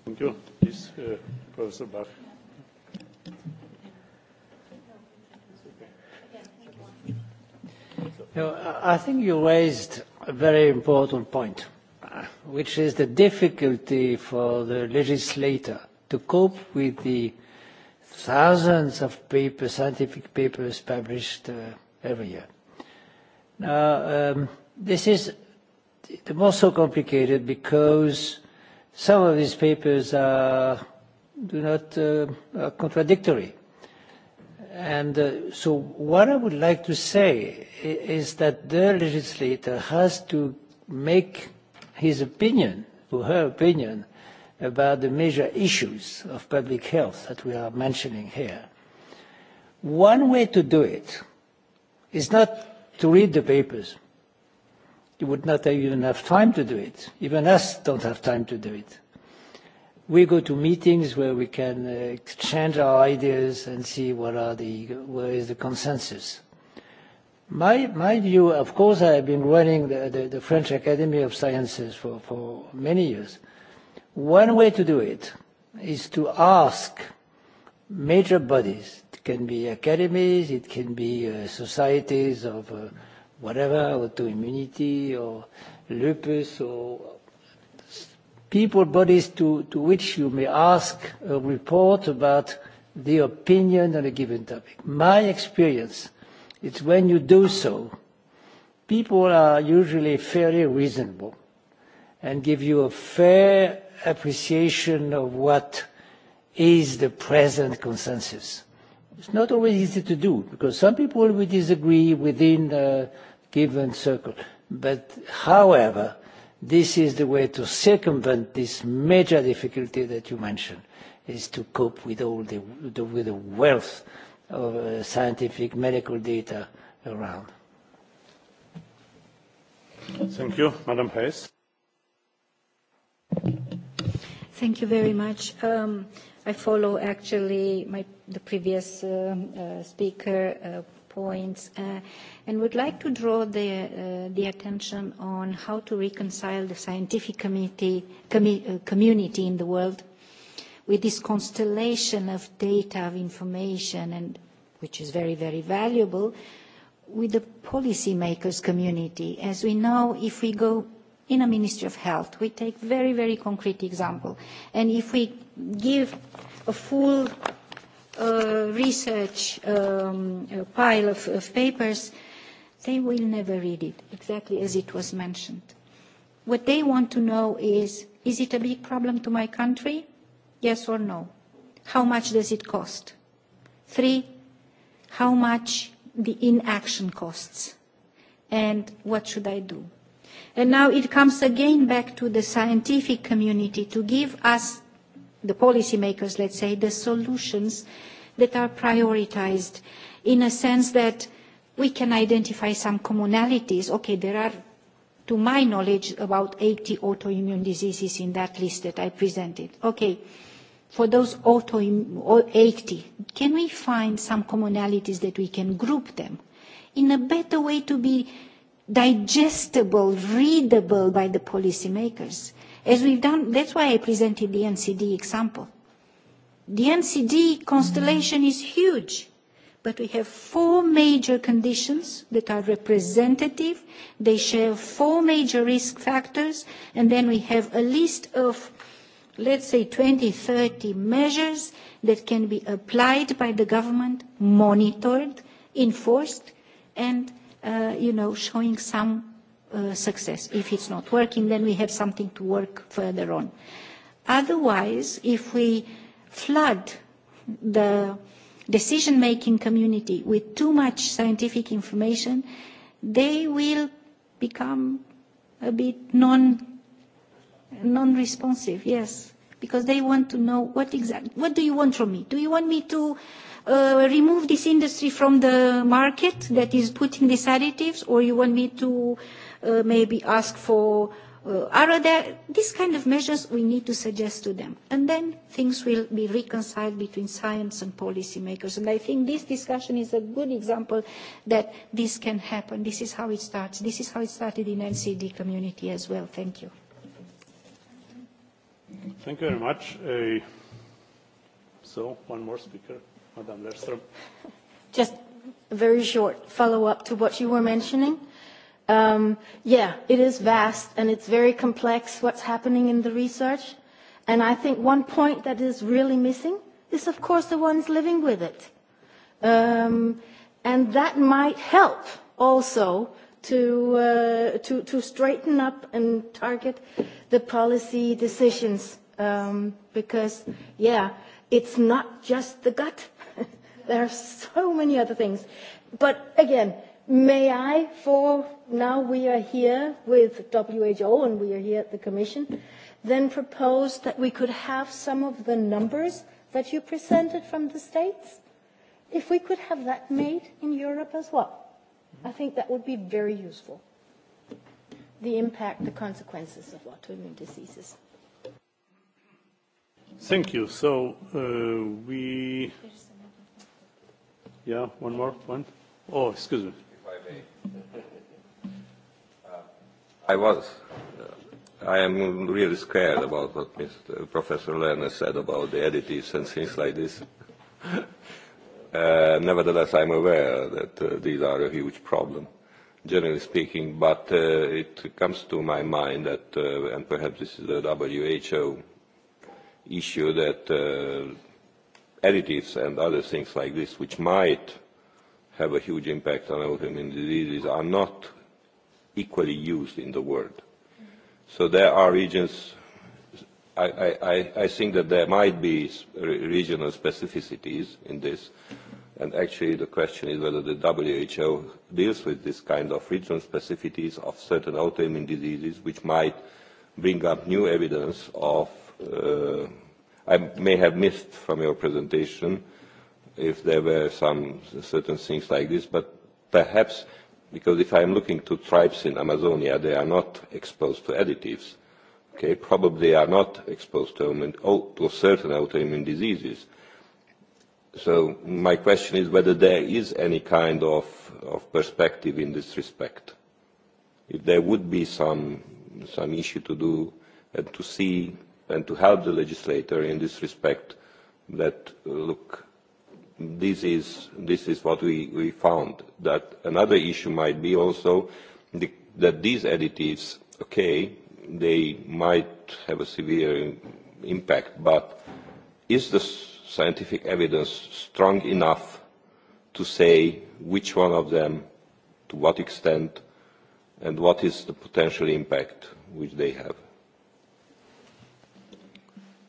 Thank you. Please, uh, Professor Bach. You know, I think you raised very important point, uh, which is the difficulty for the legislator to cope with the thousands of papers, scientific papers published uh, every year. Now, um, this is the more so complicated because some of these papers are, do not, uh, are contradictory. And uh, so what I would like to say is that the legislator has to make his opinion or her opinion about the major issues of public health that we are mentioning here. One way to do it is not to read the papers. You would not even have time to do it. Even us don't have time to do it we go to meetings where we can exchange our ideas and see what are the, where is the consensus. My, my view, of course, I have been running the, the, the French Academy of Sciences for, for many years. One way to do it is to ask major bodies, it can be academies, it can be uh, societies of uh, whatever, autoimmunity or lupus or people bodies to, to which you may ask a report about the opinion on a given topic. My experience is when you do so, people are usually fairly reasonable and give you a fair appreciation of what is the present consensus. It's not always easy to do because some people will disagree within a given circle. But however, This is the way to circumvent this major difficulty that you mentioned, is to cope with all the, the, with the wealth of uh, scientific medical data around. Thank you. Madam Hayes. Thank you very much. Um, I follow actually my, the previous um, uh, speaker, uh, points uh, and would like to draw the, uh, the attention on how to reconcile the scientific community, commi- uh, community in the world with this constellation of data, of information, and which is very, very valuable, with the policymakers community. As we know, if we go in a Ministry of Health, we take very, very concrete example, and if we give a full uh, research um, pile of, of papers, they will never read it, exactly as it was mentioned. What they want to know is, is it a big problem to my country? Yes or no? How much does it cost? Three, how much the inaction costs? And what should I do? And now it comes again back to the scientific community to give us, the policymakers, let's say, the solutions that are prioritized in a sense that we can identify some commonalities. Okay, there are, to my knowledge, about 80 autoimmune diseases in that list that I presented. Okay, for those auto, 80, can we find some commonalities that we can group them in a better way to be digestible, readable by the policymakers? As we've done, that's why I presented the NCD example The MCD constellation is huge, but we have four major conditions that are representative. They share four major risk factors, and then we have a list of, let's say, 20, 30 measures that can be applied by the government, monitored, enforced, and, uh, you know, showing some uh, success. If it's not working, then we have something to work further on. Otherwise, if we flood the decision-making community with too much scientific information, they will become a bit non non-responsive. Yes, because they want to know what exactly what do you want from me? Do you want me to uh, remove this industry from the market that is putting these additives, or you want me to uh, maybe ask for Uh, are there these kind of measures we need to suggest to them? And then things will be reconciled between science and policymakers. And I think this discussion is a good example that this can happen. This is how it starts. This is how it started in NCD community as well. Thank you. Thank you very much. Uh, so, one more speaker, Madame Lerström. Just a very short follow-up to what you were mentioning. Um, yeah, it is vast and it's very complex what's happening in the research. And I think one point that is really missing is, of course, the ones living with it. Um, and that might help also to, uh, to, to straighten up and target the policy decisions um, because, yeah, it's not just the gut. [laughs] there are so many other things. But again, may I, for now we are here with WHO and we are here at the Commission, then proposed that we could have some of the numbers that you presented from the States, if we could have that made in Europe as well. I think that would be very useful. The impact, the consequences of autoimmune diseases. Thank you. So uh, we. Yeah, one more. One. Oh, excuse me. I was. Uh, I am really scared about what Mr. Professor Lerner said about the additives and things like this. [laughs] uh, nevertheless, I'm aware that uh, these are a huge problem, generally speaking, but uh, it comes to my mind that, uh, and perhaps this is a WHO issue, that uh, additives and other things like this, which might have a huge impact on autoimmune diseases, are not equally used in the world. So there are regions, I, I, I think that there might be regional specificities in this, and actually the question is whether the WHO deals with this kind of regional specificities of certain autoimmune diseases, which might bring up new evidence of, uh, I may have missed from your presentation if there were some certain things like this, but perhaps Because if I'm looking to tribes in Amazonia, they are not exposed to additives. Okay, probably they are not exposed to, oh, to certain autoimmune diseases. So my question is whether there is any kind of, of perspective in this respect. If there would be some, some issue to do and to see and to help the legislator in this respect that, look, this is, this is what we, we found. That another issue might be also the, that these additives, okay, they might have a severe impact, but is the scientific evidence strong enough to say which one of them, to what extent, and what is the potential impact which they have?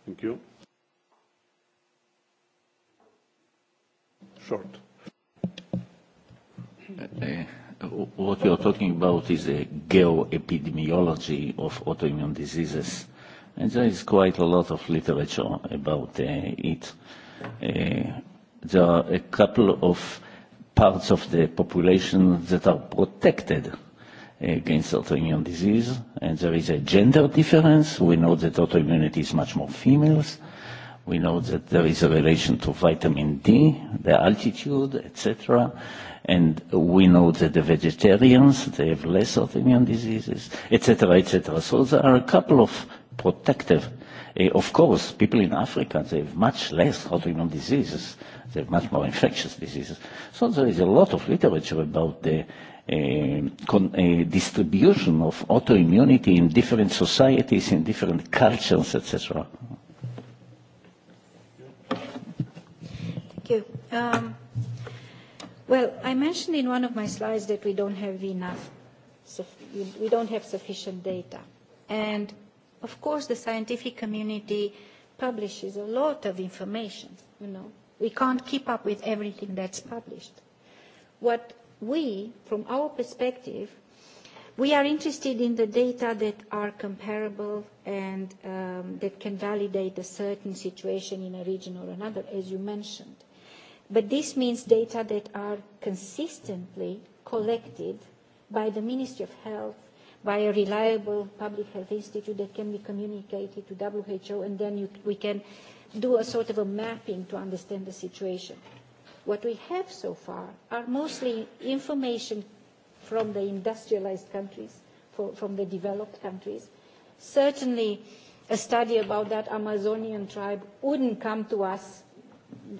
Thank you. short. Eh, what you're talking about is a geoepidemiology of autoimmune diseases. And there is quite a lot of literature about uh, it. Uh, there are a couple of parts of the population that are protected against autoimmune disease, and there is a gender difference. We know that autoimmunity is much more females. We know that there is a relation to vitamin D, the altitude, etc. And we know that the vegetarians, they have less autoimmune diseases, etc., etc. So there are a couple of protective. Uh, of course, people in Africa, they have much less autoimmune diseases. They have much more infectious diseases. So there is a lot of literature about the Uh, con, uh, distribution of autoimmunity in different societies, in different cultures, etc. you. Um, well, I mentioned in one of my slides that we don't have enough, we don't have sufficient data. And of course, the scientific community publishes a lot of information, you know. We can't keep up with everything that's published. What we, from our perspective, we are interested in the data that are comparable and um, that can validate a certain situation in a region or another, as you mentioned. But this means data that are consistently collected by the Ministry of Health, by a reliable public health institute that can be communicated to WHO, and then you, we can do a sort of a mapping to understand the situation. What we have so far are mostly information from the industrialized countries, for, from the developed countries. Certainly, a study about that Amazonian tribe wouldn't come to us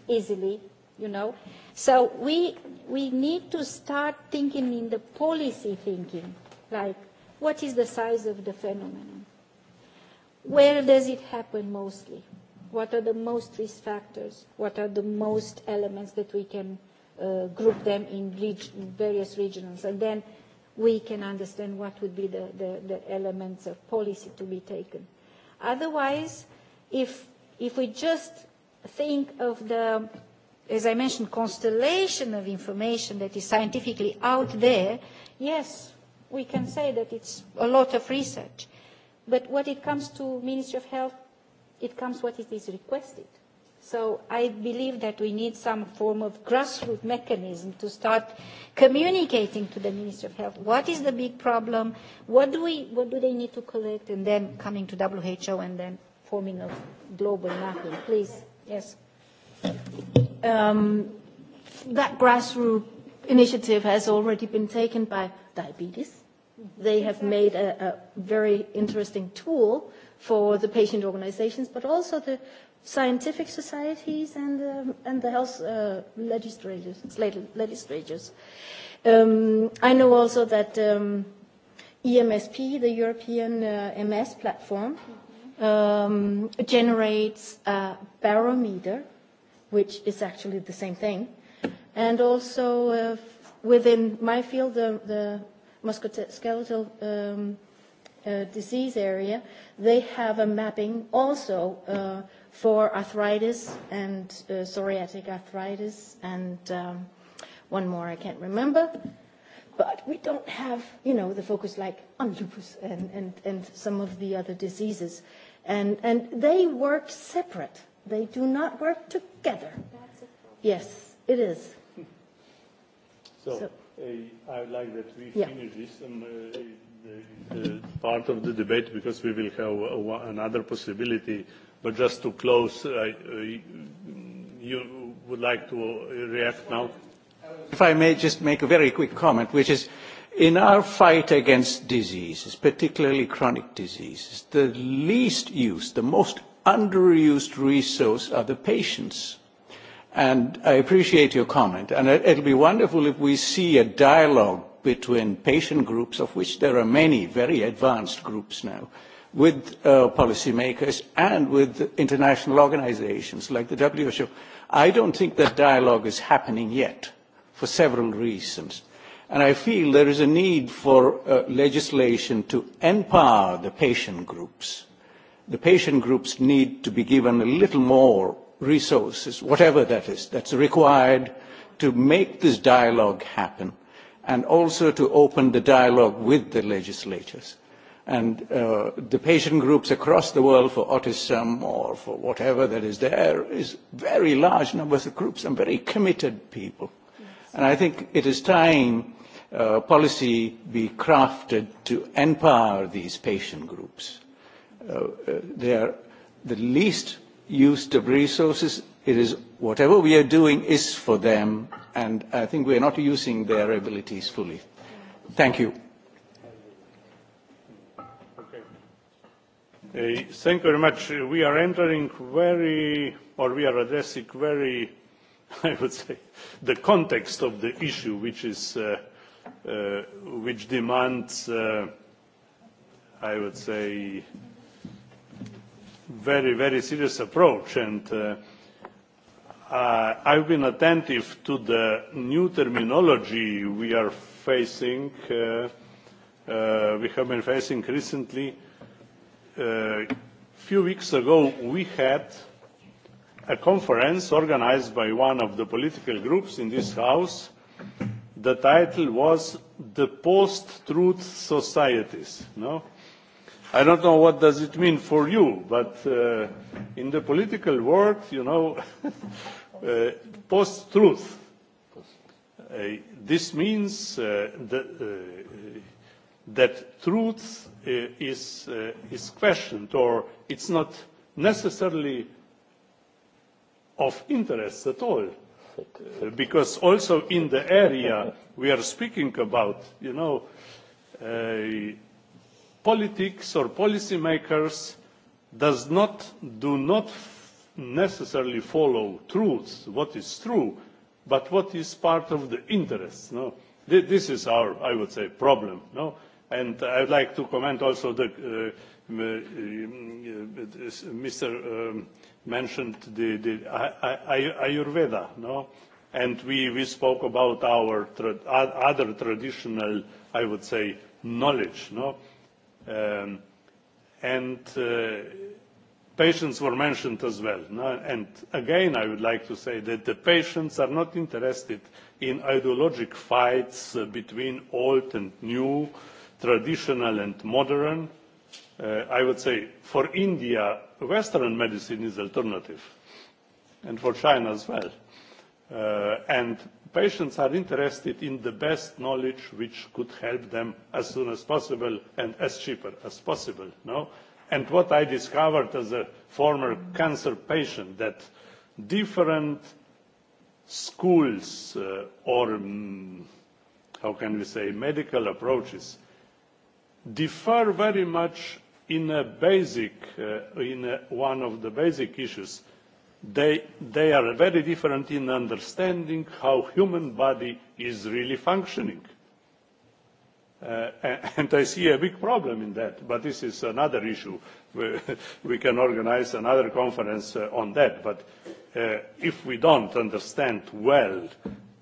easily you know. So we, we need to start thinking in the policy thinking, like what is the size of the phenomenon? Where does it happen mostly? What are the most risk factors? What are the most elements that we can uh, group them in region, various regions? And then we can understand what would be the, the, the elements of policy to be taken. Otherwise, if, if we just think of the as I mentioned, constellation of information that is scientifically out there, yes, we can say that it's a lot of research. But when it comes to Ministry of Health, it comes what it is requested. So I believe that we need some form of grassroots mechanism to start communicating to the Ministry of Health what is the big problem, what do, we, what do they need to collect, and then coming to WHO and then forming a global mapping. Please, yes. Um, that grassroots initiative has already been taken by diabetes. They have made a, a very interesting tool for the patient organizations, but also the scientific societies and, um, and the health uh, legislators. legislators. Um, I know also that um, EMSP, the European uh, MS platform, um, generates a barometer which is actually the same thing. And also uh, within my field, the, the musculoskeletal um, uh, disease area, they have a mapping also uh, for arthritis and uh, psoriatic arthritis and um, one more I can't remember. But we don't have, you know, the focus like on lupus and, and, and some of the other diseases. And, and they work separate They do not work together. Yes, it is. So, so uh, I would like that we yeah. finish this um, uh, the, the part of the debate because we will have a, a, another possibility. But just to close, uh, uh, you would like to react now? If I may just make a very quick comment, which is in our fight against diseases, particularly chronic diseases, the least used, the most underused resource are the patients. And I appreciate your comment. And it'll be wonderful if we see a dialogue between patient groups, of which there are many very advanced groups now, with uh, policymakers and with international organizations like the WHO. I don't think that dialogue is happening yet for several reasons. And I feel there is a need for uh, legislation to empower the patient groups the patient groups need to be given a little more resources, whatever that is, that's required to make this dialogue happen and also to open the dialogue with the legislatures. And uh, the patient groups across the world for autism or for whatever that is there is very large numbers of groups and very committed people. Yes. And I think it is time uh, policy be crafted to empower these patient groups Uh, they are the least used of resources. It is whatever we are doing is for them, and I think we are not using their abilities fully. Thank you. Okay. Uh, thank you very much. We are entering very, or we are addressing very, [laughs] I would say, the context of the issue, which is, uh, uh, which demands, uh, I would say, very, very serious approach. And uh, I've been attentive to the new terminology we are facing, uh, uh, we have been facing recently. A uh, few weeks ago, we had a conference organized by one of the political groups in this house. The title was The Post-Truth Societies. No? I don't know what does it mean for you, but uh, in the political world, you know, [laughs] uh, post-truth. Uh, this means uh, the, uh, that truth uh, is, uh, is questioned or it's not necessarily of interest at all. Uh, because also in the area we are speaking about, you know, uh, politics or policymakers does not do not necessarily follow truths what is true but what is part of the interests no this is our i would say problem no and would like to comment also that uh, mr uh, um, mentioned the, the ayurveda no and we we spoke about our tra other traditional i would say knowledge no Um, and uh, patients were mentioned as well. No? And again, I would like to say that the patients are not interested in ideologic fights uh, between old and new, traditional and modern. Uh, I would say for India, Western medicine is alternative, and for China as well. Uh, and Patients are interested in the best knowledge which could help them as soon as possible and as cheaper as possible. No? And what I discovered as a former cancer patient that different schools uh, or um, how can we say medical approaches differ very much in a basic uh, in a, one of the basic issues They, they are very different in understanding how human body is really functioning. Uh, [laughs] and I see a big problem in that, but this is another issue. [laughs] we can organize another conference uh, on that, but uh, if we don't understand well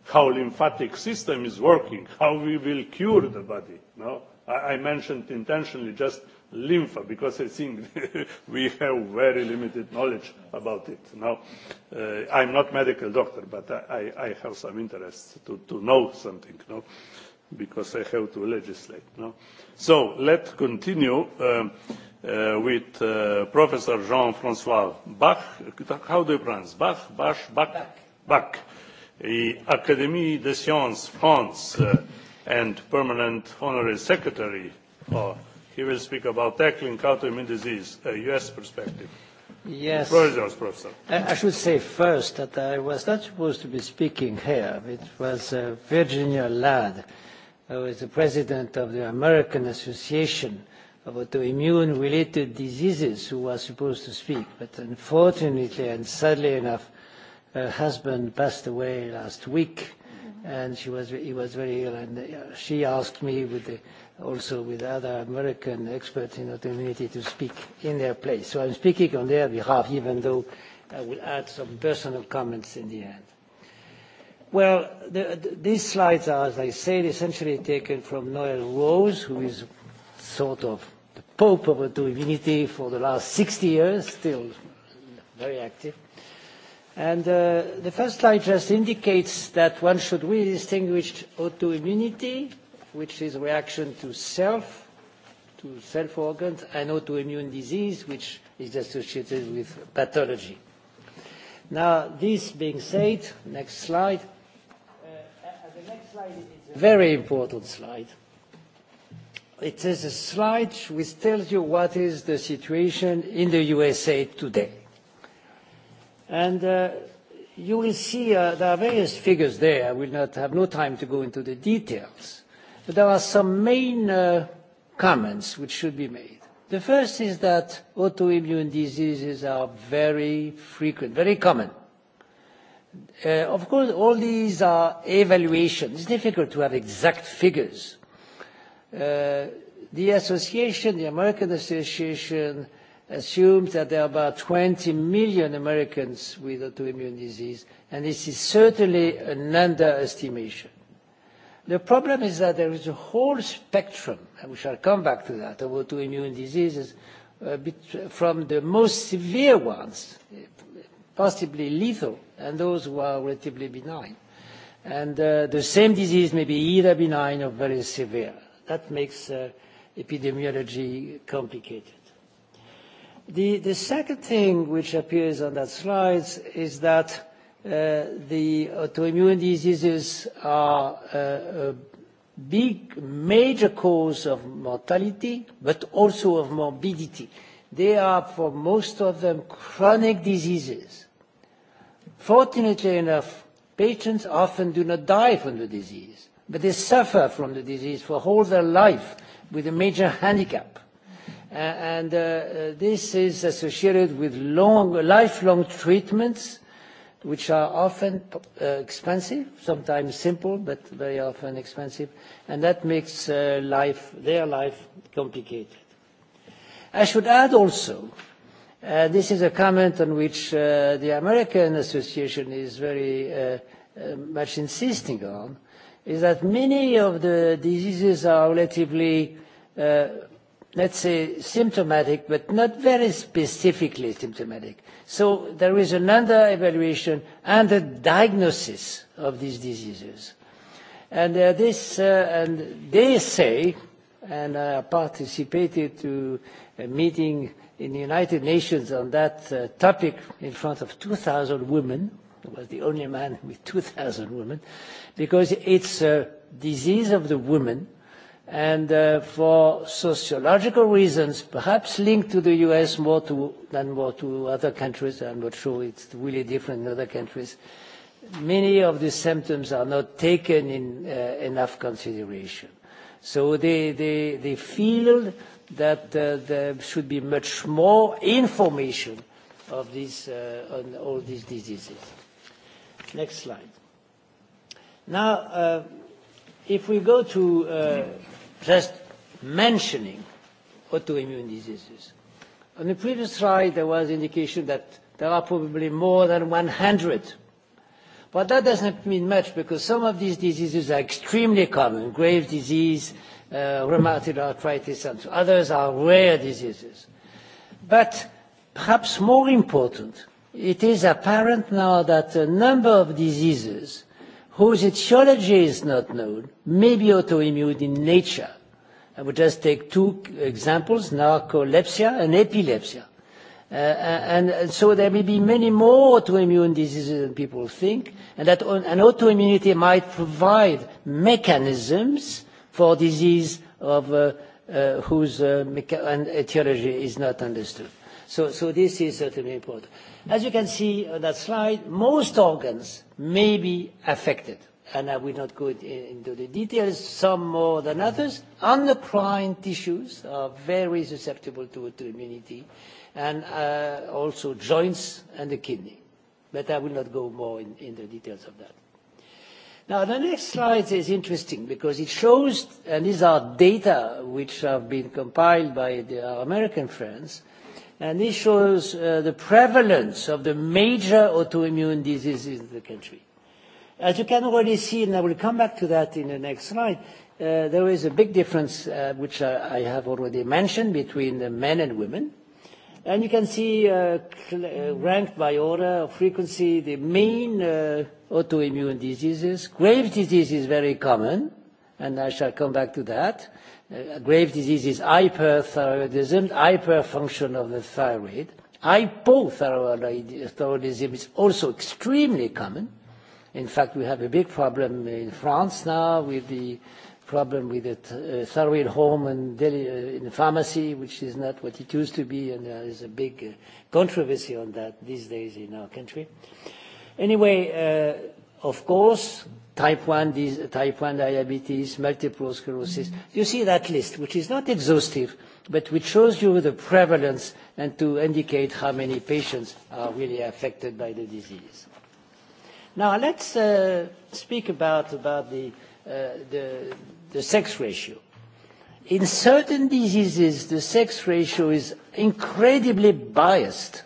how lymphatic system is working, how we will cure the body, no? I, I mentioned intentionally just lympha, because I think [laughs] we have very limited knowledge about it. Now, uh, I'm not medical doctor, but I, I have some interest to, to know something, no? because I have to legislate. No? So let's continue um, uh, with uh, Professor Jean-François Bach. How do you pronounce? Bach? Bach? Bach? Bach. Bach. Académie des Sciences France uh, and permanent honorary secretary of He will speak about tackling autoimmune disease, a U.S. perspective. Yes. Yours, Professor. I should say first that I was not supposed to be speaking here. It was uh, Virginia Ladd, who is the president of the American Association of Autoimmune-Related Diseases, who was supposed to speak. But unfortunately and sadly enough, her husband passed away last week, mm -hmm. and she was, he was very ill. And uh, she asked me with the also with other American experts in autoimmunity to speak in their place. So I'm speaking on their behalf, even though I will add some personal comments in the end. Well, the, the, these slides are, as I said, essentially taken from Noel Rose, who is sort of the pope of autoimmunity for the last 60 years, still very active. And uh, the first slide just indicates that one should really distinguish autoimmunity which is reaction to self, to self organs, and autoimmune disease, which is associated with pathology. Now, this being said, next slide. Uh, uh, the next slide is a very important slide. It is a slide which tells you what is the situation in the USA today. And uh, you will see uh, there are various figures there. I will not have no time to go into the details. But there are some main uh, comments which should be made. The first is that autoimmune diseases are very frequent, very common. Uh, of course, all these are evaluations. It's difficult to have exact figures. Uh, the association, the American Association, assumes that there are about 20 million Americans with autoimmune disease, and this is certainly an underestimation. The problem is that there is a whole spectrum, and we shall come back to that, of autoimmune diseases, uh, from the most severe ones, possibly lethal, and those who are relatively benign. And uh, the same disease may be either benign or very severe. That makes uh, epidemiology complicated. The, the second thing which appears on that slide is that Uh, the autoimmune diseases are uh, a big, major cause of mortality, but also of morbidity. They are, for most of them, chronic diseases. Fortunately enough, patients often do not die from the disease, but they suffer from the disease for all their life with a major handicap. Uh, and this is associated with long, lifelong treatments which are often uh, expensive, sometimes simple, but very often expensive, and that makes uh, their life complicated. I should add also, uh, this is a comment on which the American Association is very much insisting on, is that many of the diseases are relatively let's say, symptomatic, but not very specifically symptomatic. So there is an under-evaluation and a diagnosis of these diseases. And uh, this, uh, and they say, and I participated to a meeting in the United Nations on that uh, topic in front of 2,000 women. I was the only man with 2,000 women, because it's a disease of the woman, and uh, for sociological reasons, perhaps linked to the US more to, than more to other countries, I'm not sure it's really different in other countries, many of the symptoms are not taken in uh, enough consideration. So they, they, they feel that uh, there should be much more information of this, uh, on all these diseases. Next slide. Now, uh, if we go to uh, just mentioning autoimmune diseases. On the previous slide, there was indication that there are probably more than 100. But that doesn't mean much because some of these diseases are extremely common, Graves' disease, uh, rheumatoid arthritis, and others are rare diseases. But perhaps more important, it is apparent now that a number of diseases whose etiology is not known, may be autoimmune in nature. I would just take two examples, narcolepsia and epilepsy. Uh, and, and so there may be many more autoimmune diseases than people think, and that an autoimmunity might provide mechanisms for disease of uh, uh, whose uh, and etiology is not understood. So, so this is certainly important. As you can see on that slide, most organs may be affected, and I will not go into the details, some more than others. Endocrine tissues are very susceptible to autoimmunity, and uh, also joints and the kidney. But I will not go more in, the details of that. Now, the next slide is interesting because it shows, and these are data which have been compiled by our American friends, and this shows uh, the prevalence of the major autoimmune diseases in the country. As you can already see, and I will come back to that in the next slide, uh, there is a big difference, uh, which I, have already mentioned, between the men and women. And you can see ranked by order of frequency the main autoimmune diseases. Graves' disease is very common, and I shall come back to that. Grave uh, grave diseases, hyperthyroidism, hyperfunction of the thyroid. Hypothyroidism is also extremely common. In fact, we have a big problem in France now with the problem with the th uh, thyroid hormone daily, uh, in pharmacy, which is not what it used to be, and there is a big uh, controversy on that these days in our country. Anyway, uh, of course, type 1, type 1 diabetes, multiple sclerosis. You see that list, which is not exhaustive, but which shows you the prevalence and to indicate how many patients are really affected by the disease. Now let's uh, speak about, about the, uh, the, the sex ratio. In certain diseases, the sex ratio is incredibly biased.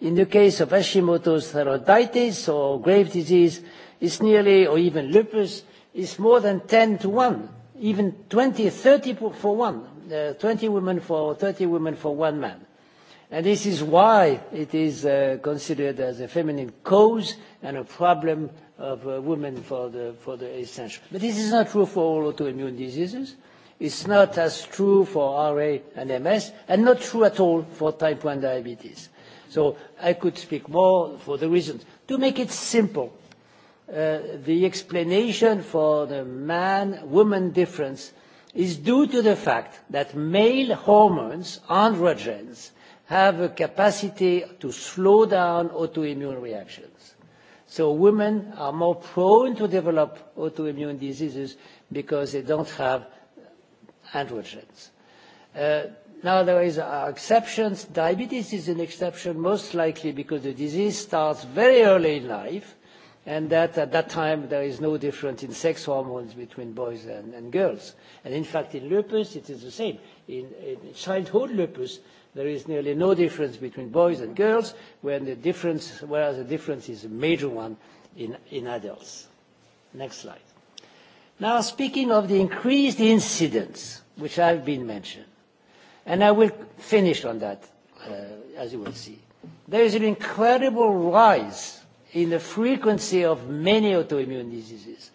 In the case of Hashimoto's thyroiditis or Graves' disease, is nearly, or even lupus, is more than 10 to 1, even 20, 30 for one, uh, 20 women for 30 women for one man. And this is why it is uh, considered as a feminine cause and a problem of uh, women for the, for the essential. But this is not true for all autoimmune diseases. It's not as true for RA and MS, and not true at all for type 1 diabetes. So I could speak more for the reasons. To make it simple, Uh, the explanation for the man-woman difference is due to the fact that male hormones, androgens, have a capacity to slow down autoimmune reactions. So women are more prone to develop autoimmune diseases because they don't have androgens. Uh, now there is uh, exceptions. Diabetes is an exception most likely because the disease starts very early in life and that at that time there is no difference in sex hormones between boys and, and girls. And in fact, in lupus, it is the same. In, in childhood lupus, there is nearly no difference between boys and girls, when the difference, whereas the difference is a major one in, in adults. Next slide. Now, speaking of the increased incidence, which have been mentioned, and I will finish on that, uh, as you will see, there is an incredible rise in the frequency of many autoimmune diseases.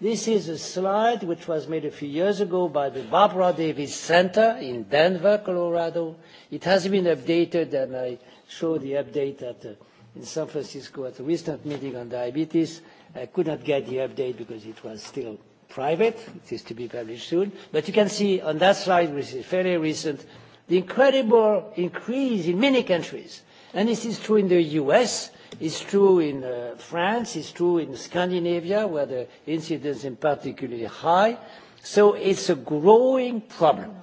This is a slide which was made a few years ago by the Barbara Davis Center in Denver, Colorado. It has been updated, and I showed the update at, uh, in San Francisco at a recent meeting on diabetes. I could not get the update because it was still private. It is to be published soon. But you can see on that slide, which is fairly recent, the incredible increase in many countries. And this is true in the U.S., It's true in uh, France, it's true in Scandinavia, where the incidence is particularly high. So it's a growing problem.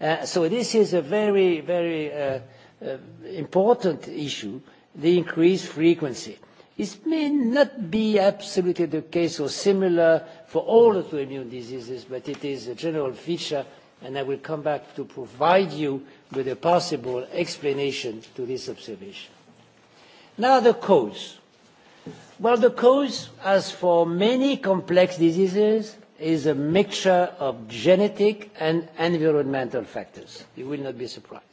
Uh, so this is a very, very uh, uh, important issue, the increased frequency. It may not be absolutely the case or similar for all autoimmune diseases, but it is a general feature, and I will come back to provide you with a possible explanation to this observation. Now the cause. Well, the cause, as for many complex diseases, is a mixture of genetic and environmental factors. You will not be surprised.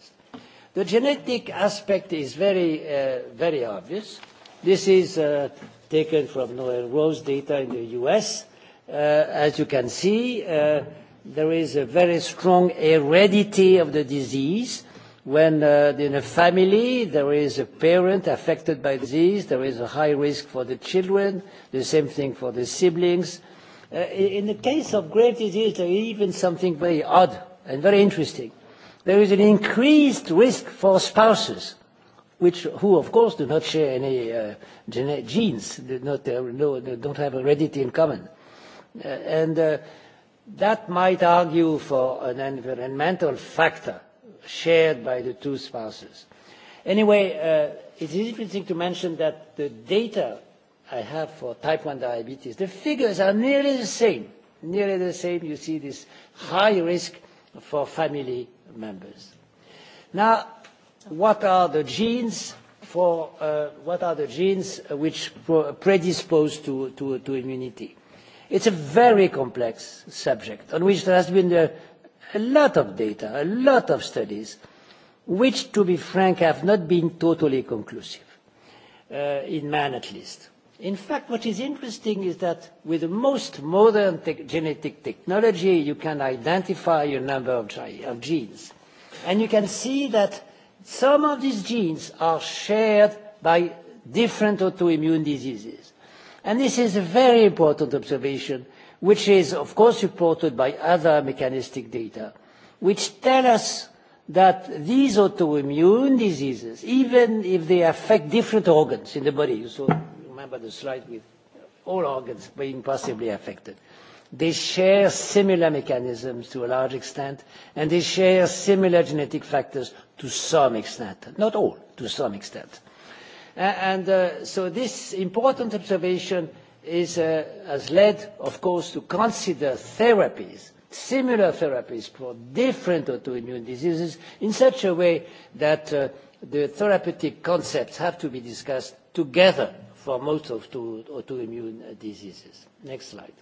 The genetic aspect is very, uh, very obvious. This is uh, taken from Noel Rose data in the US. Uh, as you can see, uh, there is a very strong heredity of the disease when uh, in a family there is a parent affected by disease, there is a high risk for the children, the same thing for the siblings. Uh, in the case of grave disease, there is even something very odd and very interesting. There is an increased risk for spouses, which, who of course do not share any uh, genes, do not, uh, no, no don't have heredity in common. Uh, and uh, that might argue for an environmental factor shared by the two spouses. Anyway, uh, is interesting to mention that the data I have for type 1 diabetes, the figures are nearly the same. Nearly the same, you see this high risk for family members. Now, what are the genes for uh, what are the genes which predispose to, to, to immunity? It's a very complex subject on which there has been a a lot of data, a lot of studies, which, to be frank, have not been totally conclusive, uh, in man at least. In fact, what is interesting is that with the most modern te genetic technology, you can identify a number of, of genes. And you can see that some of these genes are shared by different autoimmune diseases. And this is a very important observation which is of course supported by other mechanistic data, which tell us that these autoimmune diseases, even if they affect different organs in the body, so remember the slide with all organs being possibly affected, they share similar mechanisms to a large extent, and they share similar genetic factors to some extent, not all, to some extent. And uh, so this important observation is, uh, has led, of course, to consider therapies, similar therapies for different autoimmune diseases in such a way that uh, the therapeutic concepts have to be discussed together for most of two autoimmune diseases. Next slide.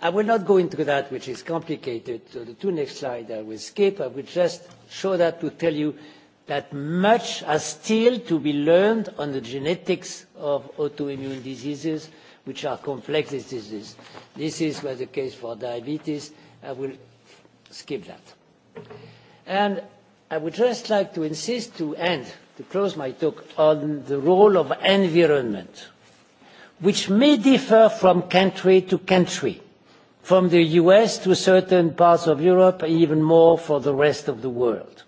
I will not go into that, which is complicated. So the two next slide I will skip. I will just show that to tell you that much has still to be learned on the genetics of autoimmune diseases, which are complex diseases. This is was the case for diabetes. I will skip that. And I would just like to insist to end, to close my talk, on the role of environment, which may differ from country to country, from the US to certain parts of Europe, and even more for the rest of the world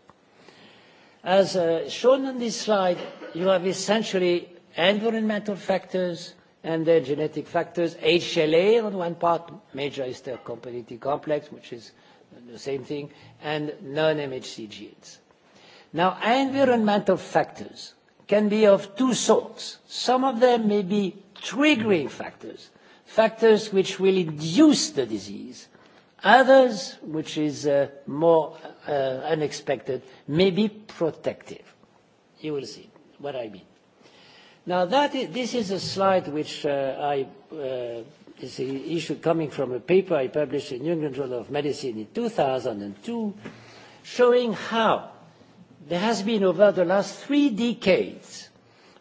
As uh, shown on this slide, you have essentially environmental factors and their genetic factors. HLA on one part, major histocompatibility complex, which is the same thing, and non-MHC genes. Now, environmental factors can be of two sorts. Some of them may be triggering factors, factors which will induce the disease. Others, which is uh, more Uh, unexpected, may be protective. You will see what I mean. Now, that is, this is a slide which uh, I, uh, is an issue coming from a paper I published in New England Journal of Medicine in 2002, showing how there has been, over the last three decades,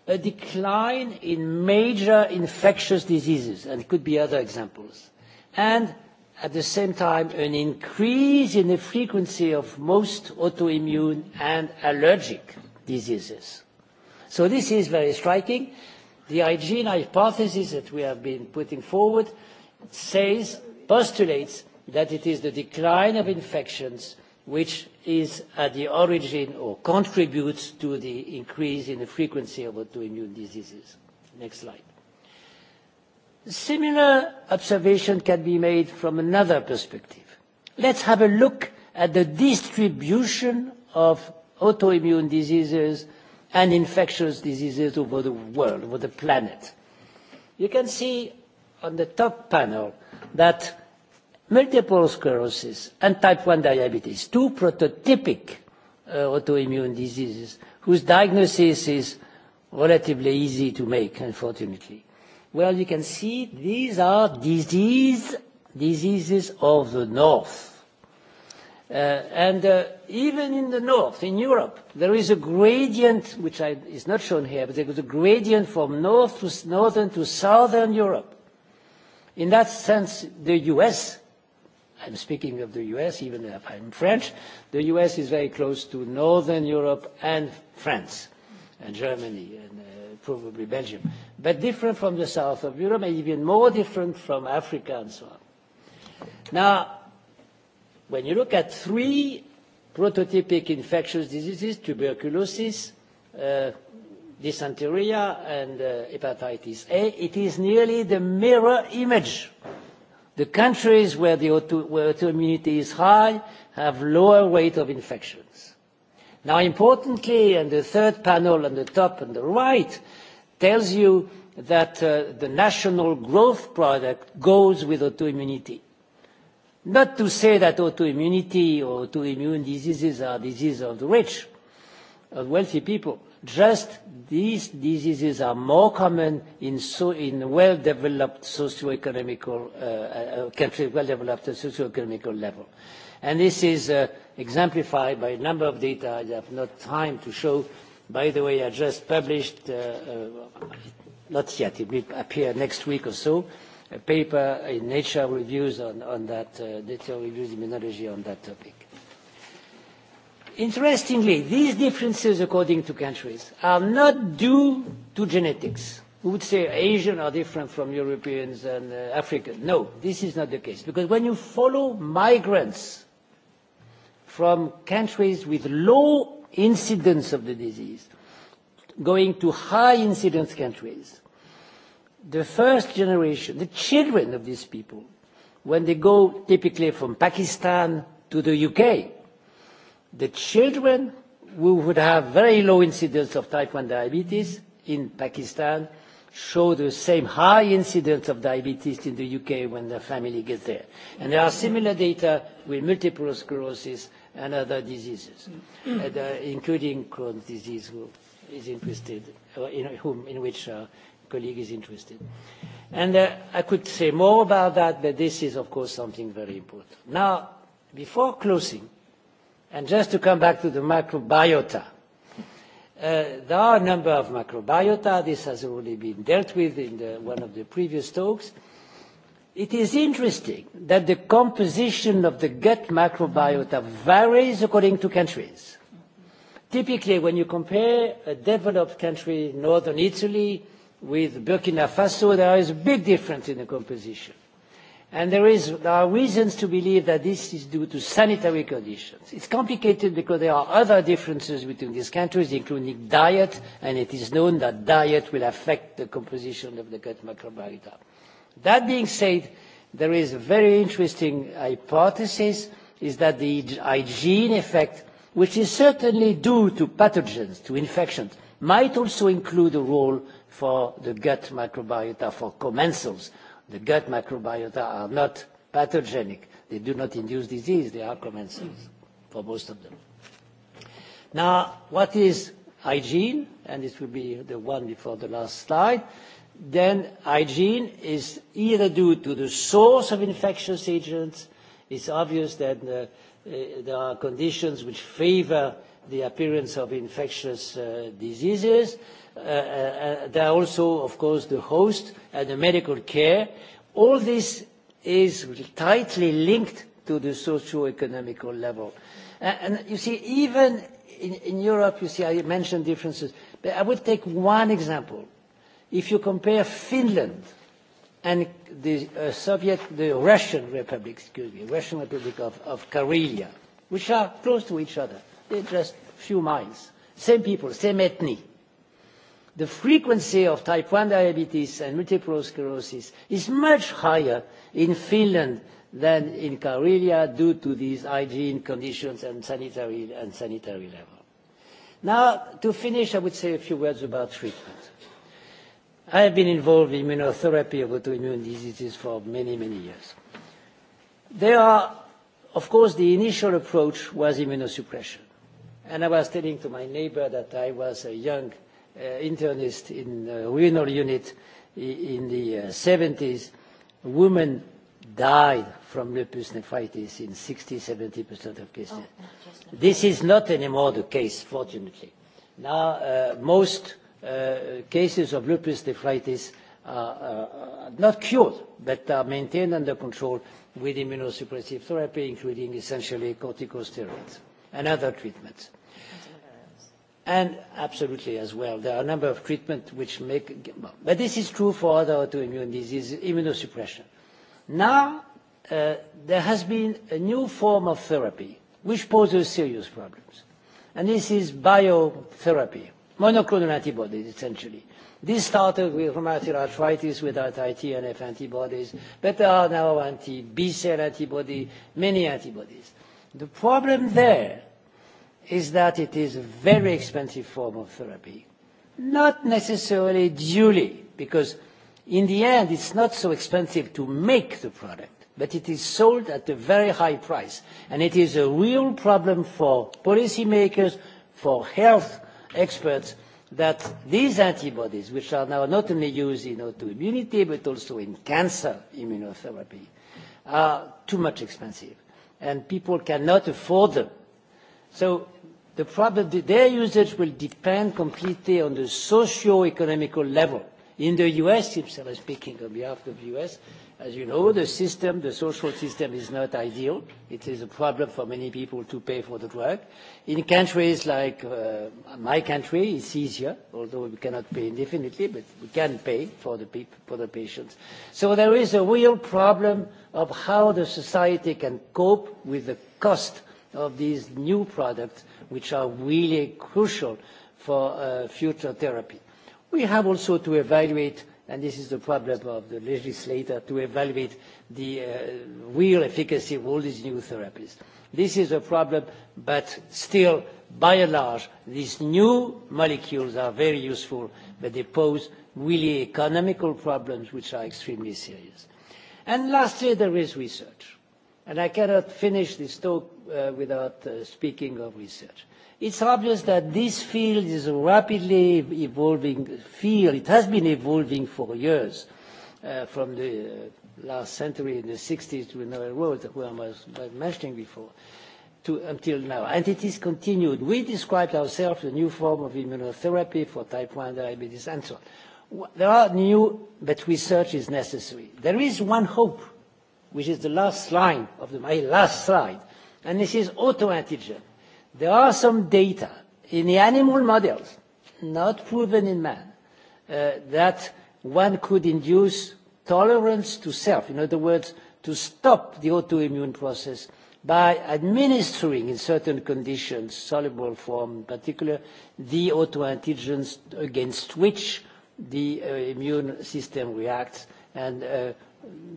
a decline in major infectious diseases, and could be other examples, and at the same time an increase in the frequency of most autoimmune and allergic diseases. So this is very striking. The hygiene hypothesis that we have been putting forward says, postulates that it is the decline of infections which is at the origin or contributes to the increase in the frequency of autoimmune diseases. Next slide. Similar observation can be made from another perspective. Let's have a look at the distribution of autoimmune diseases and infectious diseases over the world, over the planet. You can see on the top panel that multiple sclerosis and type 1 diabetes, two prototypic uh, autoimmune diseases whose diagnosis is relatively easy to make, unfortunately Well, you can see these are disease, diseases of the north. Uh, and uh, even in the north, in Europe, there is a gradient, which I, is not shown here, but there is a gradient from north to northern to southern Europe. In that sense, the US, I'm speaking of the US, even if I'm French, the US is very close to northern Europe and France and Germany and uh, probably Belgium but different from the south of Europe and even more different from Africa and so on. Now, when you look at three prototypic infectious diseases, tuberculosis, uh, dysentery, and uh, hepatitis A, it is nearly the mirror image. The countries where, the auto, where autoimmunity is high have lower rate of infections. Now, importantly, and the third panel on the top and the right, tells you that uh, the national growth product goes with autoimmunity. Not to say that autoimmunity or autoimmune diseases are diseases of the rich, of wealthy people. Just these diseases are more common in, so, in well-developed socio-economical uh, uh countries, well-developed socio socio-economical level. And this is uh, exemplified by a number of data I have not time to show, by the way, I just published, uh, uh, not yet, it will appear next week or so, a paper in Nature Reviews on, on that, uh, Nature Reviews Immunology on that topic. Interestingly, these differences according to countries are not due to genetics. We would say Asians are different from Europeans and uh, Africans. No, this is not the case. Because when you follow migrants from countries with low incidence of the disease, going to high incidence countries, the first generation, the children of these people, when they go typically from Pakistan to the UK, the children who would have very low incidence of type 1 diabetes in Pakistan show the same high incidence of diabetes in the UK when the family gets there. And there are similar data with multiple sclerosis and other diseases, mm. and, uh, including Crohn's disease, who is interested, or in whom, in which uh, colleague is interested. And uh, I could say more about that, but this is, of course, something very important. Now, before closing, and just to come back to the microbiota, Uh, there are a number of microbiota. This has already been dealt with in the, one of the previous talks. It is interesting that the composition of the gut microbiota varies according to countries. Typically, when you compare a developed country, northern Italy, with Burkina Faso, there is a big difference in the composition. And there, is, there are reasons to believe that this is due to sanitary conditions. It's complicated because there are other differences between these countries, including diet, and it is known that diet will affect the composition of the gut microbiota. That being said, there is a very interesting hypothesis is that the hygiene effect, which is certainly due to pathogens, to infections, might also include a role for the gut microbiota, for commensals. The gut microbiota are not pathogenic. They do not induce disease. They are commensals for most of them. Now, what is hygiene? And this will be the one before the last slide then hygiene is either due to the source of infectious agents. It's obvious that uh, uh, there are conditions which favor the appearance of infectious uh, diseases. Uh, uh, uh there are also, of course, the host and the medical care. All this is tightly linked to the socio-economical level. And, and you see, even in, in Europe, you see, I mentioned differences. But I would take one example – If you compare Finland and the uh, Soviet, the Russian Republic, excuse me, Russian Republic of, of Karelia, which are close to each other, they're just few miles, same people, same ethnic. The frequency of type 1 diabetes and multiple sclerosis is much higher in Finland than in Karelia due to these hygiene conditions and sanitary, and sanitary level. Now, to finish, I would say a few words about treatment. I have been involved in immunotherapy of autoimmune diseases for many, many years. There are, of course, the initial approach was immunosuppression. And I was telling to my neighbor that I was a young uh, internist in a renal unit in the uh, 70s. A woman died from lupus nephritis in 60-70% of cases. Oh, this is not anymore the case, fortunately. Now, uh, most Uh, cases of lupus nephritis are, are not cured, but are maintained under control with immunosuppressive therapy, including essentially corticosteroids and other treatments. And absolutely as well, there are a number of treatments which make, but this is true for other autoimmune diseases, immunosuppression. Now, uh, there has been a new form of therapy which poses serious problems. And this is biotherapy monoclonal antibodies, essentially. This started with rheumatoid arthritis without ITNF antibodies, but there are now anti-B cell antibody, many antibodies. The problem there is that it is a very expensive form of therapy, not necessarily duly, because in the end it's not so expensive to make the product but it is sold at a very high price. And it is a real problem for policymakers, for health experts that these antibodies, which are now not only used in autoimmunity but also in cancer immunotherapy, are too much expensive and people cannot afford them. So the problem, their usage will depend completely on the socio-economical level. In the US, if I'm speaking on behalf of the US, As you know, the system, the social system is not ideal. It is a problem for many people to pay for the drug. In countries like uh, my country, it's easier, although we cannot pay indefinitely, but we can pay for the, for the patients. So there is a real problem of how the society can cope with the cost of these new products, which are really crucial for uh, future therapy. We have also to evaluate and this is the problem of the legislator, to evaluate the uh, real efficacy of all these new therapies. This is a problem, but still, by and large, these new molecules are very useful, but they pose really economical problems which are extremely serious. And lastly, there is research. And I cannot finish this talk uh, without uh, speaking of research. It's obvious that this field is a rapidly evolving field. It has been evolving for years, uh, from the uh, last century in the 60s to another world that we was uh, mentioning before, to until now. And it is continued. We described ourselves a new form of immunotherapy for type 1 diabetes and so on. There are new, but research is necessary. There is one hope, which is the last line of the, my last slide, and this is autoantigen There are some data in the animal models, not proven in man, uh, that one could induce tolerance to self, in other words, to stop the autoimmune process by administering in certain conditions, soluble form in particular, the autoantigens against which the uh, immune system reacts and uh,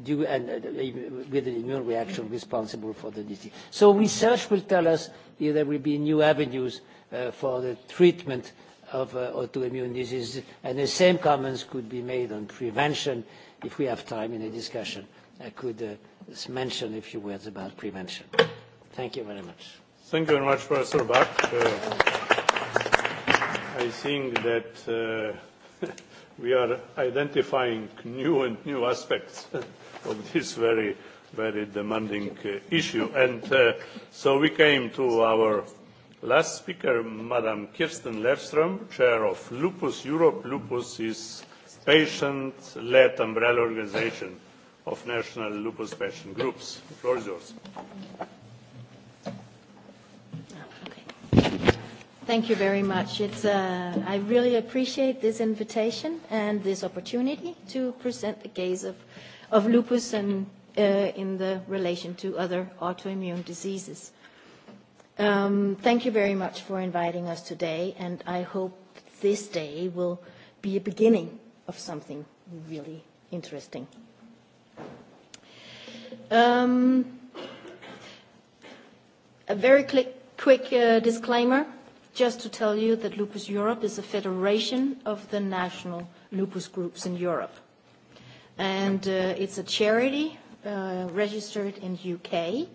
do and uh, with an immune reaction responsible for the disease. So research will tell us if there will be new avenues uh, for the treatment of uh, autoimmune diseases, and the same comments could be made on prevention if we have time in a discussion. I could uh, mention a few words about prevention. Thank you very much. Thank you very much, Professor Bach. Uh, I think that uh, [laughs] we are identifying new and new aspects [laughs] of this very, very demanding uh, issue. And uh, so we came to our last speaker, Madam Kirsten Lefström, Chair of Lupus Europe. Lupus is patient-led umbrella organization of national lupus patient groups. The floor is yours. Thank you very much. It's, uh, I really appreciate this invitation and this opportunity to present the case of, of lupus and uh, in the relation to other autoimmune diseases. Um, thank you very much for inviting us today, and I hope this day will be a beginning of something really interesting. Um, a very quick, quick uh, disclaimer Just to tell you that Lupus Europe is a federation of the national lupus groups in Europe. And uh, it's a charity uh, registered in UK.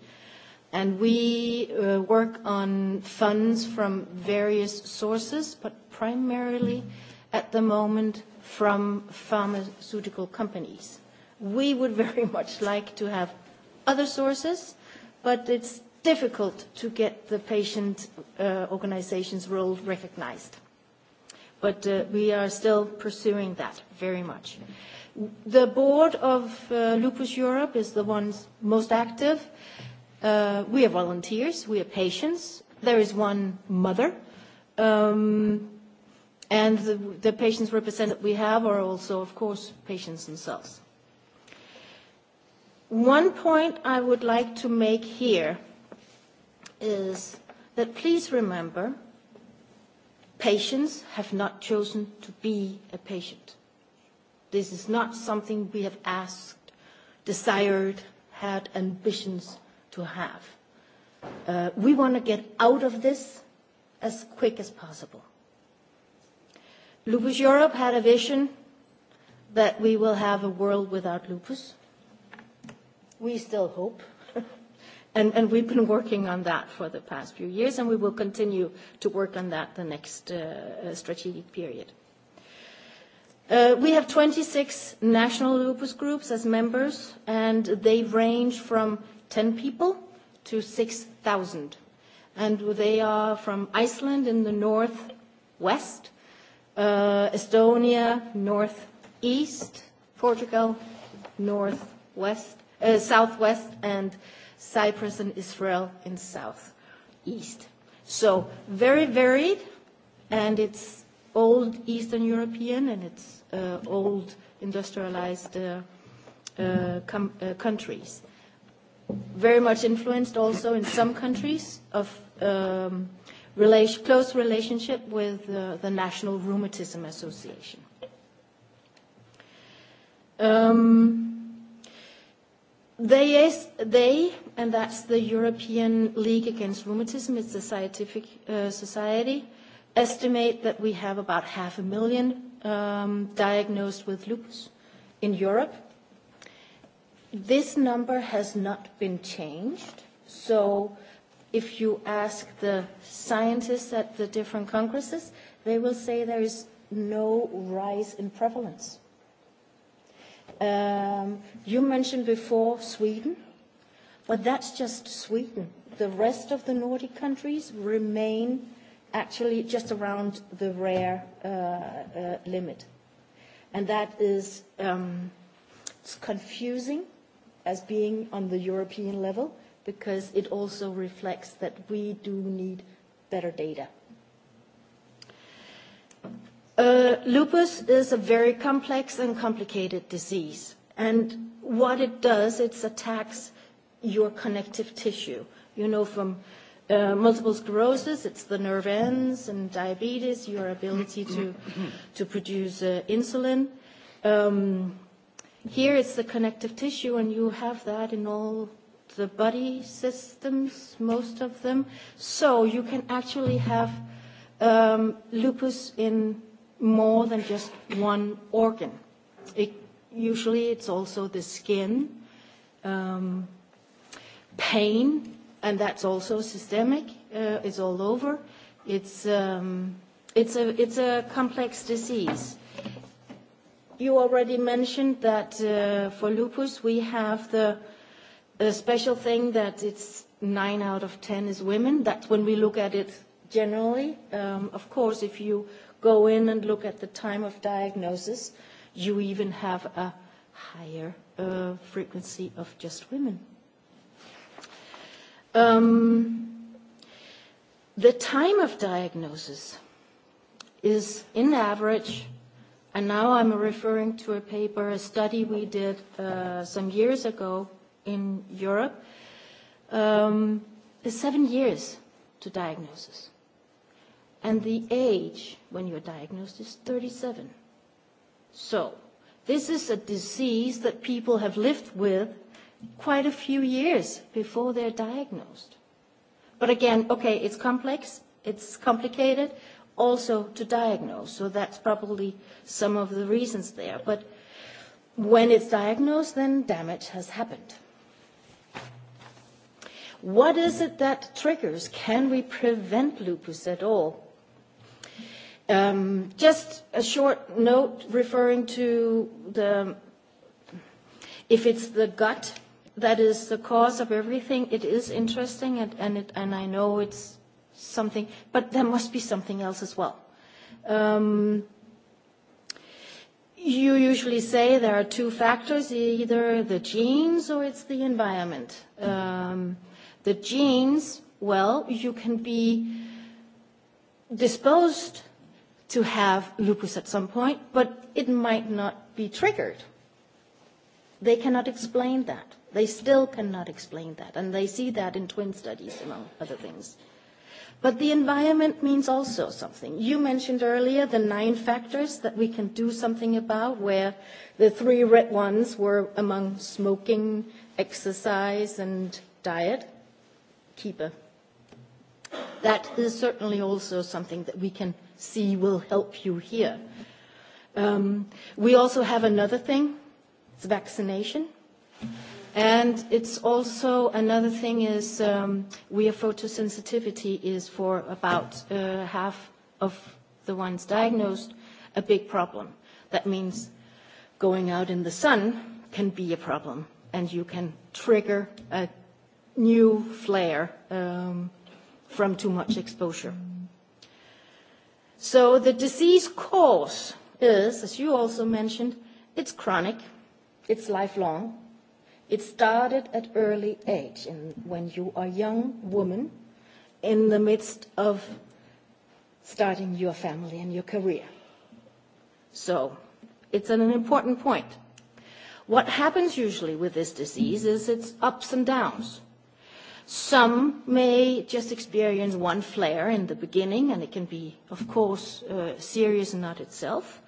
And we uh, work on funds from various sources, but primarily at the moment from pharmaceutical companies. We would [laughs] very much like to have other sources, but it's difficult to get the patient uh, organization's role recognized. But uh, we are still pursuing that very much. The board of uh, Lupus Europe is the one most active. Uh, we are volunteers, we are patients. There is one mother. Um, and the, the patients represented we have are also, of course, patients themselves. One point I would like to make here is that please remember patients have not chosen to be a patient. This is not something we have asked, desired, had ambitions to have. Uh, we want to get out of this as quick as possible. Lupus Europe had a vision that we will have a world without lupus. We still hope And, we've been working on that for the past few years, and we will continue to work on that the next uh, uh, strategic period. Uh, we have 26 national lupus groups as members, and they range from 10 people to 6,000. they are from Iceland in the northwest, Estonia, northeast, Portugal, northwest, southwest, and Cyprus and Israel in south, east. So very varied, and it's old Eastern European and it's uh, old industrialized uh, uh, com- uh, countries. Very much influenced also in some countries of um, relation- close relationship with uh, the National Rheumatism Association. Um, They, they, and that's the European League Against Rheumatism, it's a scientific uh, society, estimate that we have about half a million um, diagnosed with lupus in Europe. This number has not been changed. So if you ask the scientists at the different congresses, they will say there is no rise in prevalence. Um, you mentioned before Sweden, but that's just Sweden. The rest of the Nordic countries remain actually just around the rare uh, uh, limit. And that is um, it's confusing as being on the European level because it also reflects that we do need better data Uh, lupus is a very complex and complicated disease. And what it does, it attacks your connective tissue. You know, from uh, multiple sclerosis, it's the nerve ends, and diabetes, your ability to, to produce uh, insulin. Um, here it's the connective tissue, and you have that in all the body systems, most of them. So you can actually have um, lupus in more than just one organ. It, usually it's also the skin, um, pain, and that's also systemic. Uh, it's all over. It's, um, it's, a, it's a complex disease. You already mentioned that uh, for lupus we have the, the special thing that it's nine out of ten is women. That's when we look at it generally. Um, of course, if you go in and look at the time of diagnosis, you even have a higher uh, frequency of just women. Um, the time of diagnosis is, in average, and now I'm referring to a paper, a study we did uh, some years ago in Europe, um, is seven years to diagnosis and the age when you're diagnosed is 37. So this is a disease that people have lived with quite a few years before they're diagnosed. But again, okay, it's complex, it's complicated also to diagnose, so that's probably some of the reasons there. But when it's diagnosed, then damage has happened. What is it that triggers? Can we prevent lupus at all? Um, just a short note referring to the, if it's the gut that is the cause of everything, it is interesting, and, and, it, and I know it's something, but there must be something else as well. Um, you usually say there are two factors, either the genes or it's the environment. Um, the genes, well, you can be disposed to have lupus at some point, but it might not be triggered. They cannot explain that. They still cannot explain that. And they see that in twin studies, among other things. But the environment means also something. You mentioned earlier the nine factors that we can do something about, where the three red ones were among smoking, exercise, and diet. Keep a That is certainly also something that we can see will help you here. Um, we also have another thing, it's vaccination. And it's also another thing is um, we have photosensitivity is for about uh, half of the ones diagnosed a big problem. That means going out in the sun can be a problem and you can trigger a new flare um, from too much exposure. So the disease cause is, as you also mentioned, it's chronic, it's lifelong. It started at early age, and when you are a young woman in the midst of starting your family and your career. So it's an important point. What happens usually with this disease is it's ups and downs. Some may just experience one flare in the beginning, and it can be, of course, uh, serious and not itself.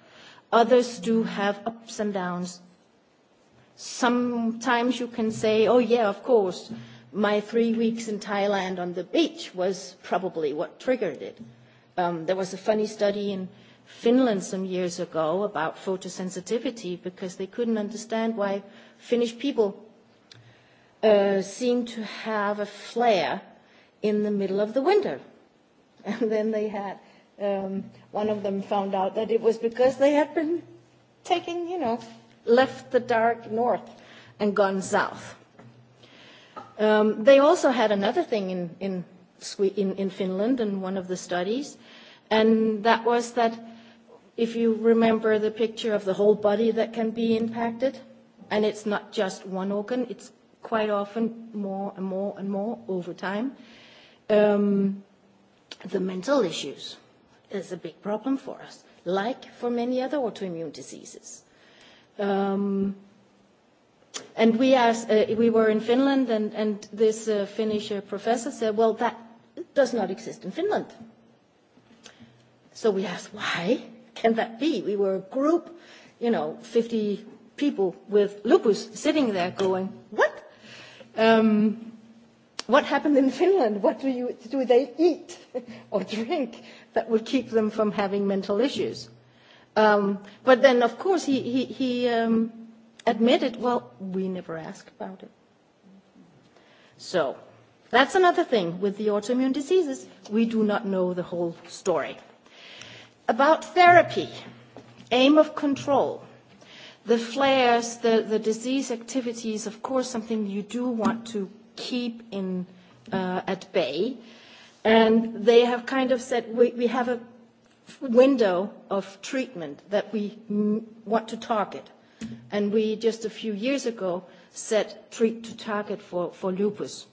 Others do have ups and downs. Sometimes you can say, oh yeah, of course, my three weeks in Thailand on the beach was probably what triggered it. Um, there was a funny study in Finland some years ago about photosensitivity because they couldn't understand why Finnish people Uh, seem to have a flare in the middle of the winter. [laughs] And then they had, um, one of them found out that it was because they had been taking, you know, left the dark north and gone south. Um, they also had another thing in, in, in, in Finland in one of the studies, and that was that if you remember the picture of the whole body that can be impacted, and it's not just one organ, it's quite often more and more and more over time. Um, the mental issues is a big problem for us, like for many other autoimmune diseases. Um, and we asked, uh, we were in Finland, and, and this uh, Finnish uh, professor said, "Well, that does not exist in Finland." So we asked, "Why can that be?" We were a group, you know, 50 people with lupus sitting there, going, "What? Um, what happened in Finland? What do, you, do they eat [laughs] or drink that would keep them from having mental issues? Um, but then, of course, he, he, he um, admitted, well, we never asked about it. So that's another thing with the autoimmune diseases. We do not know the whole story. About therapy, aim of control. The flares, the, the disease activity is, of course, something you do want to keep in, uh, at bay. And they have kind of said we, we have a window of treatment that we m- want to target. And we just a few years ago set treat to target for, for lupus.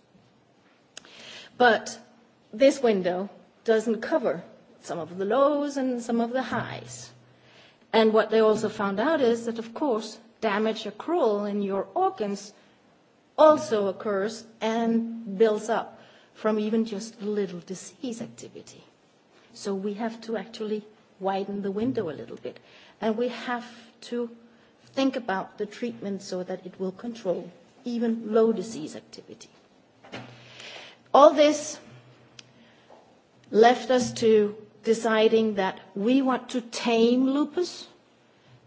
But this window doesn't cover some of the lows and some of the highs. And what they also found out is that, of course, damage accrual in your organs also occurs and builds up from even just little disease activity. So we have to actually widen the window a little bit. And we have to think about the treatment so that it will control even low disease activity. All this left us to deciding that we want to tame lupus.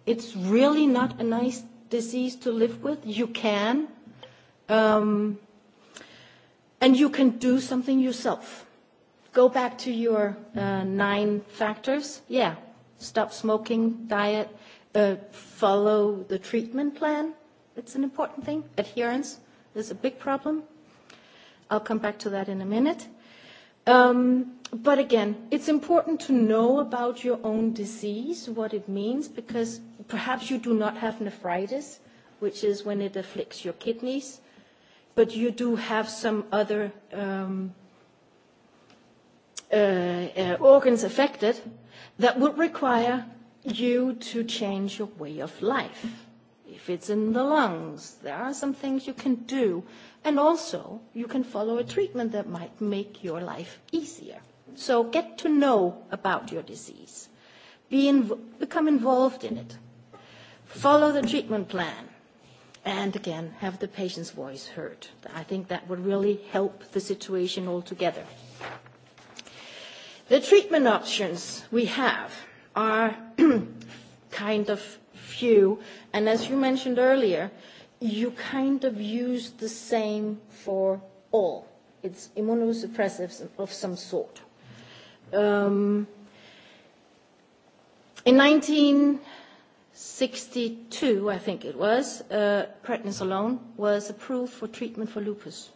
It's really not a nice disease to live with. You can. Um, and you can do something yourself. Go back to your uh, nine factors. Yeah, stop smoking, diet, uh, follow the treatment plan. It's an important thing. Adherence is a big problem. I'll come back to that in a minute. Um, But again, it's important to know about your own disease, what it means, because perhaps you do not have nephritis, which is when it afflicts your kidneys, but you do have some other um, uh, uh, organs affected that would require you to change your way of life. If it's in the lungs, there are some things you can do. And also, you can follow a treatment that might make your life easier. So get to know about your disease. Be inv- become involved in it. Follow the treatment plan. And again, have the patient's voice heard. I think that would really help the situation altogether. The treatment options we have are [clears throat] kind of few. And as you mentioned earlier, you kind of use the same for all. It's immunosuppressives of some sort. Um, in 1962, I think it was, uh, prednisolone was approved for treatment for lupus.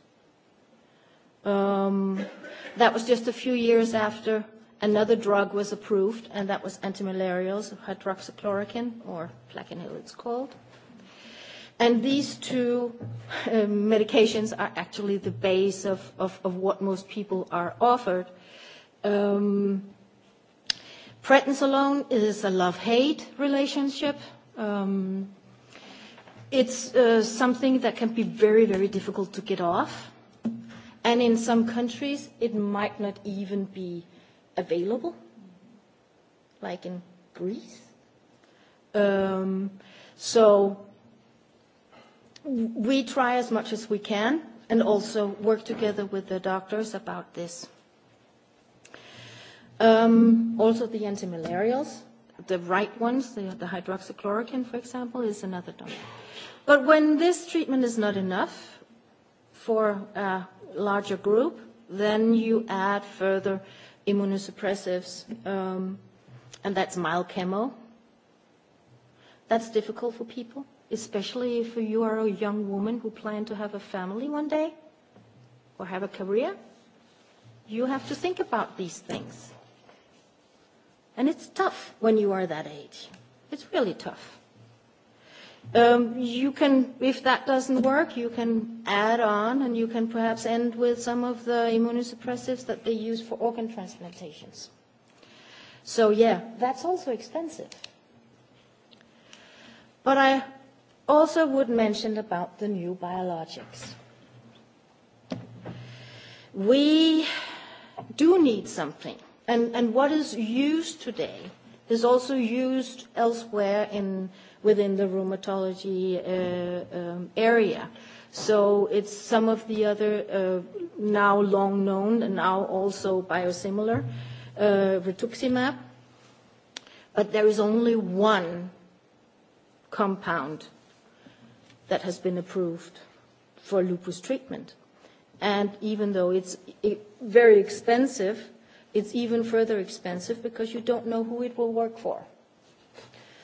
Um, that was just a few years after another drug was approved, and that was antimalarials, hydroxychloroquine, or Plaquenil it's called. And these two um, medications are actually the base of, of, of what most people are offered Um, prednisolone is a love-hate relationship. Um, it's uh, something that can be very, very difficult to get off. And in some countries, it might not even be available, like in Greece. Um, so we try as much as we can and also work together with the doctors about this. Um, also the antimalarials, the right ones, the, the hydroxychloroquine, for example, is another donor. But when this treatment is not enough for a larger group, then you add further immunosuppressives, um, and that's mild chemo. That's difficult for people, especially if you are a young woman who plan to have a family one day or have a career. You have to think about these things. And it's tough when you are that age. It's really tough. Um, you can, if that doesn't work, you can add on and you can perhaps end with some of the immunosuppressives that they use for organ transplantations. So yeah, that's also expensive. But I also would mention about the new biologics. We do need something And, and what is used today is also used elsewhere in, within the rheumatology uh, um, area. So it's some of the other uh, now long known and now also biosimilar uh, rituximab. But there is only one compound that has been approved for lupus treatment. And even though it's very expensive, it's even further expensive because you don't know who it will work for.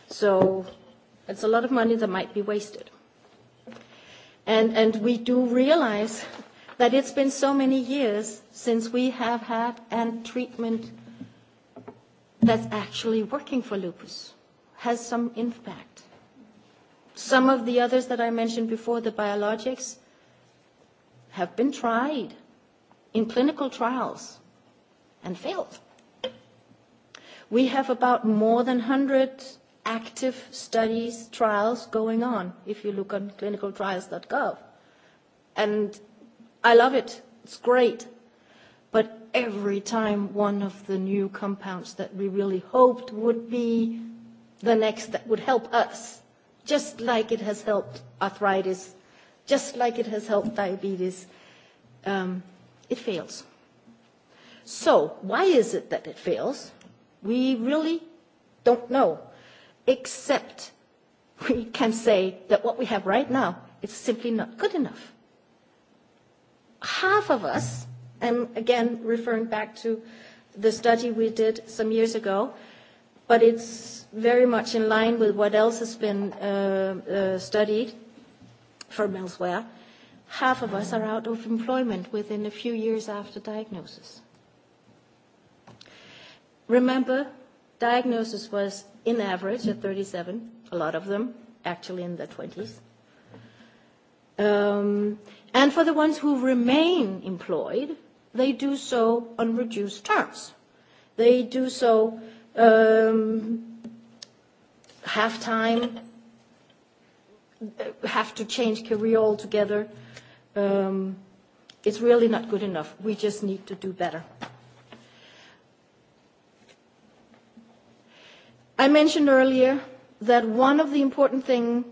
So it's a lot of money that might be wasted. And, and we do realize that it's been so many years since we have had a treatment that's actually working for lupus, has some impact. Some of the others that I mentioned before, the biologics, have been tried in clinical trials and failed. We have about more than 100 active studies, trials going on, if you look on clinicaltrials.gov. And I love it. It's great. But every time one of the new compounds that we really hoped would be the next that would help us, just like it has helped arthritis, just like it has helped diabetes, um, it fails. So why is it that it fails? We really don't know, except we can say that what we have right now is simply not good enough. Half of us, and again referring back to the study we did some years ago, but it's very much in line with what else has been uh, uh, studied from elsewhere. Half of us are out of employment within a few years after diagnosis. Remember, diagnosis was in average at 37, a lot of them actually in their 20s. Um, and for the ones who remain employed, they do so on reduced terms. They do so um, half time, uh, have to change career altogether. Um, it's really not good enough. We just need to do better. I mentioned earlier that one of the important things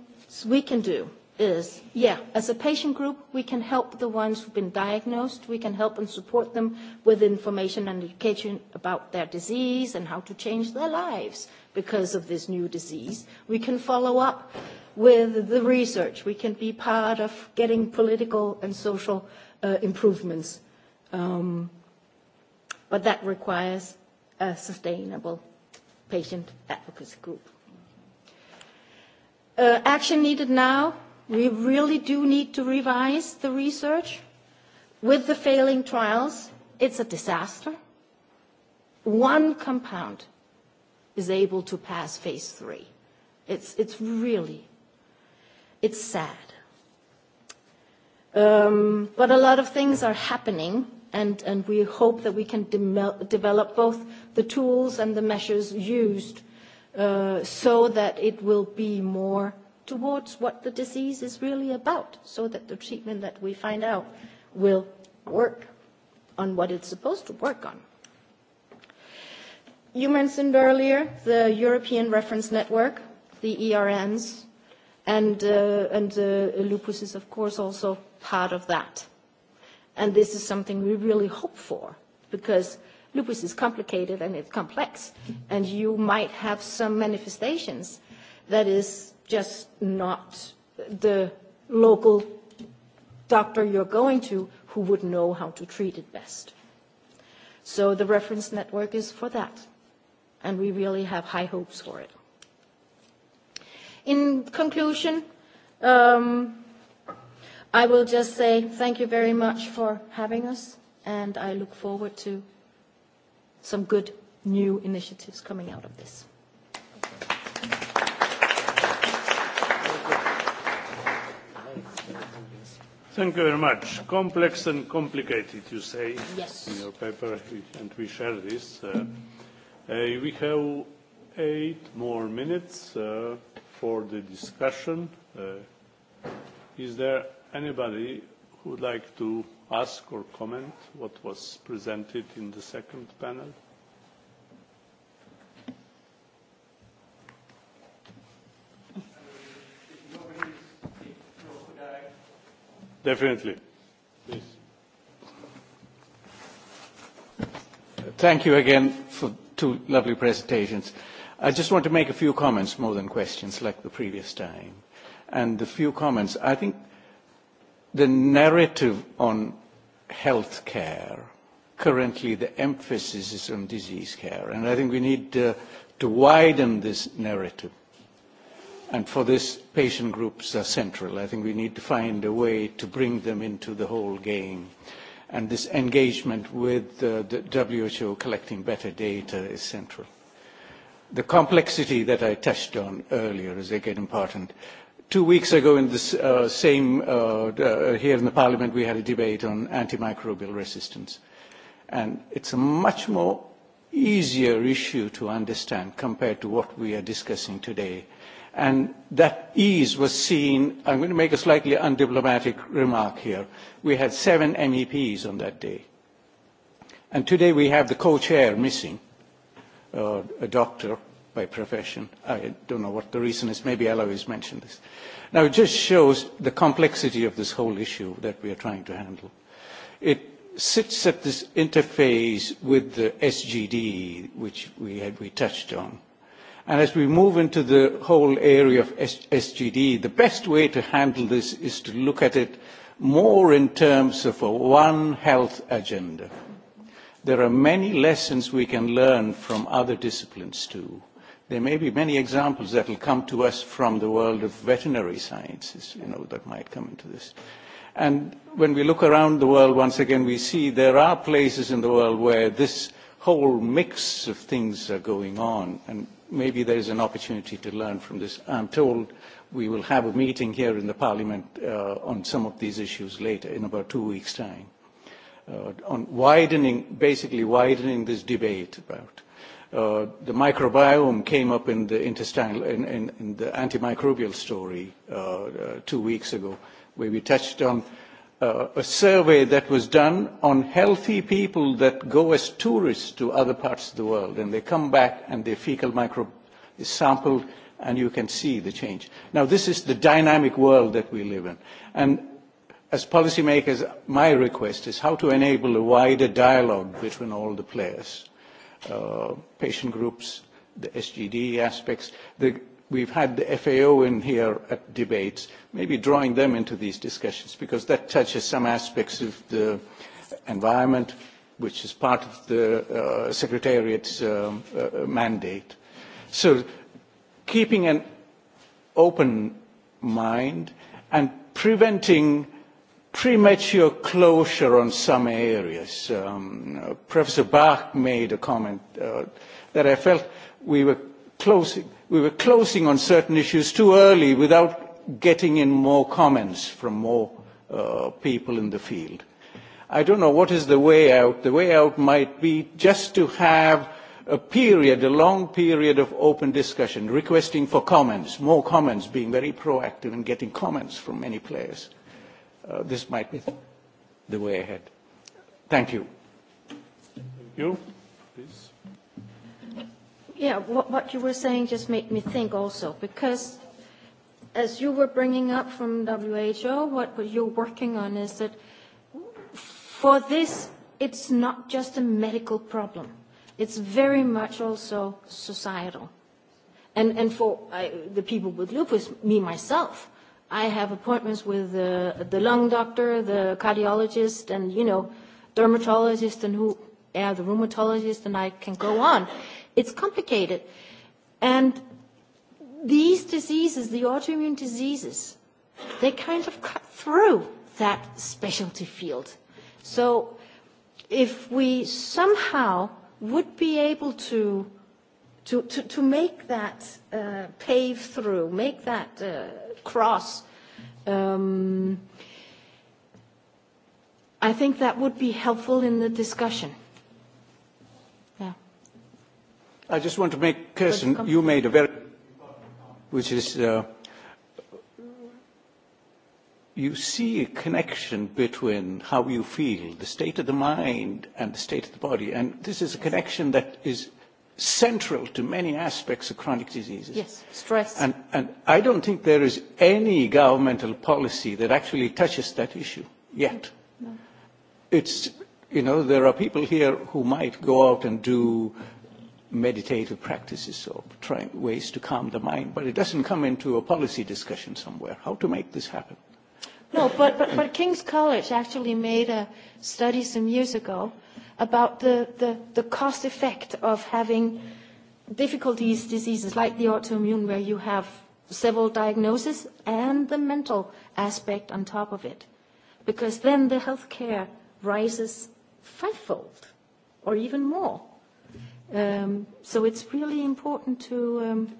we can do is, yeah, as a patient group, we can help the ones who've been diagnosed. We can help and support them with information and education about their disease and how to change their lives because of this new disease. We can follow up with the research. We can be part of getting political and social uh, improvements. Um, but that requires a sustainable patient advocacy group. Uh, action needed now. We really do need to revise the research. With the failing trials, it's a disaster. One compound is able to pass phase three. It's, it's really, it's sad. Um, but a lot of things are happening, and, and we hope that we can de develop both the tools and the measures used uh, so that it will be more towards what the disease is really about, so that the treatment that we find out will work on what it's supposed to work on. You mentioned earlier the European Reference Network, the ERNs, and, uh, and uh, lupus is, of course, also part of that. And this is something we really hope for, because – Lupus is complicated and it's complex, and you might have some manifestations that is just not the local doctor you're going to who would know how to treat it best. So the reference network is for that, and we really have high hopes for it. In conclusion, um, I will just say thank you very much for having us, and I look forward to some good new initiatives coming out of this. Thank you very much. Complex and complicated, you say yes. in your paper, and we share this. Uh, uh, we have eight more minutes uh, for the discussion. Uh, is there anybody who would like to ask or comment what was presented in the second panel? Definitely. Please. Thank you again for two lovely presentations. I just want to make a few comments more than questions like the previous time. And the few comments, I think the narrative on health care, currently the emphasis is on disease care. And I think we need uh, to widen this narrative. And for this, patient groups are central. I think we need to find a way to bring them into the whole game. And this engagement with uh, the WHO collecting better data is central. The complexity that I touched on earlier is again important. Uh, Two weeks ago in this uh, same, uh, uh, here in the Parliament, we had a debate on antimicrobial resistance. And it's a much more easier issue to understand compared to what we are discussing today. And that ease was seen, I'm going to make a slightly undiplomatic remark here. We had seven MEPs on that day. And today we have the co-chair missing, uh, a doctor, by profession. I don't know what the reason is. Maybe Eloise mentioned this. Now, it just shows the complexity of this whole issue that we are trying to handle. It sits at this interface with the SGD, which we, had, we touched on. And as we move into the whole area of S SGD, the best way to handle this is to look at it more in terms of a one health agenda. There are many lessons we can learn from other disciplines too There may be many examples that will come to us from the world of veterinary sciences, you know, that might come into this. And when we look around the world, once again, we see there are places in the world where this whole mix of things are going on, and maybe there is an opportunity to learn from this. I'm told we will have a meeting here in the Parliament uh, on some of these issues later, in about two weeks' time, uh, on widening, basically widening this debate about Uh, the microbiome came up in the intestinal in, in, in the antimicrobial story uh, uh, two weeks ago, where we touched on uh, a survey that was done on healthy people that go as tourists to other parts of the world, and they come back and their fecal microbe is sampled, and you can see the change. Now, this is the dynamic world that we live in, and as policymakers, my request is how to enable a wider dialogue between all the players Uh, patient groups, the SGD aspects. we've had the FAO in here at debates, maybe drawing them into these discussions because that touches some aspects of the environment, which is part of the uh, Secretariat's um, uh, mandate. So keeping an open mind and preventing premature closure on some areas. Um, Professor Bach made a comment uh, that I felt we were closing we were closing on certain issues too early without getting in more comments from more uh, people in the field. I don't know what is the way out. The way out might be just to have a period, a long period of open discussion, requesting for comments, more comments, being very proactive in getting comments from many players uh, this might be the way ahead. Thank you. You, please. Yeah, what, what you were saying just made me think also, because as you were bringing up from WHO, what you're working on is that for this, it's not just a medical problem. It's very much also societal. And, and for I, the people with lupus, me myself, i have appointments with the, the lung doctor, the cardiologist, and you know, dermatologist, and who, yeah, the rheumatologist, and I can go on. It's complicated, and these diseases, the autoimmune diseases, they kind of cut through that specialty field. So, if we somehow would be able to to, to, to make that uh, pave through, make that uh, cross. Um, I think that would be helpful in the discussion. Yeah. I just want to make, Kirsten, you made a very, which is, uh, you see a connection between how you feel, the state of the mind and the state of the body. And this is a connection that is central to many aspects of chronic diseases. Yes, stress. And, and I don't think there is any governmental policy that actually touches that issue yet. No. It's, you know, there are people here who might go out and do meditative practices or try ways to calm the mind, but it doesn't come into a policy discussion somewhere, how to make this happen. No, but, but, but King's College actually made a study some years ago about the, the, the cost effect of having difficulties, diseases like the autoimmune, where you have several diagnoses and the mental aspect on top of it. Because then the healthcare rises fivefold or even more. Um, so it's really important to, um,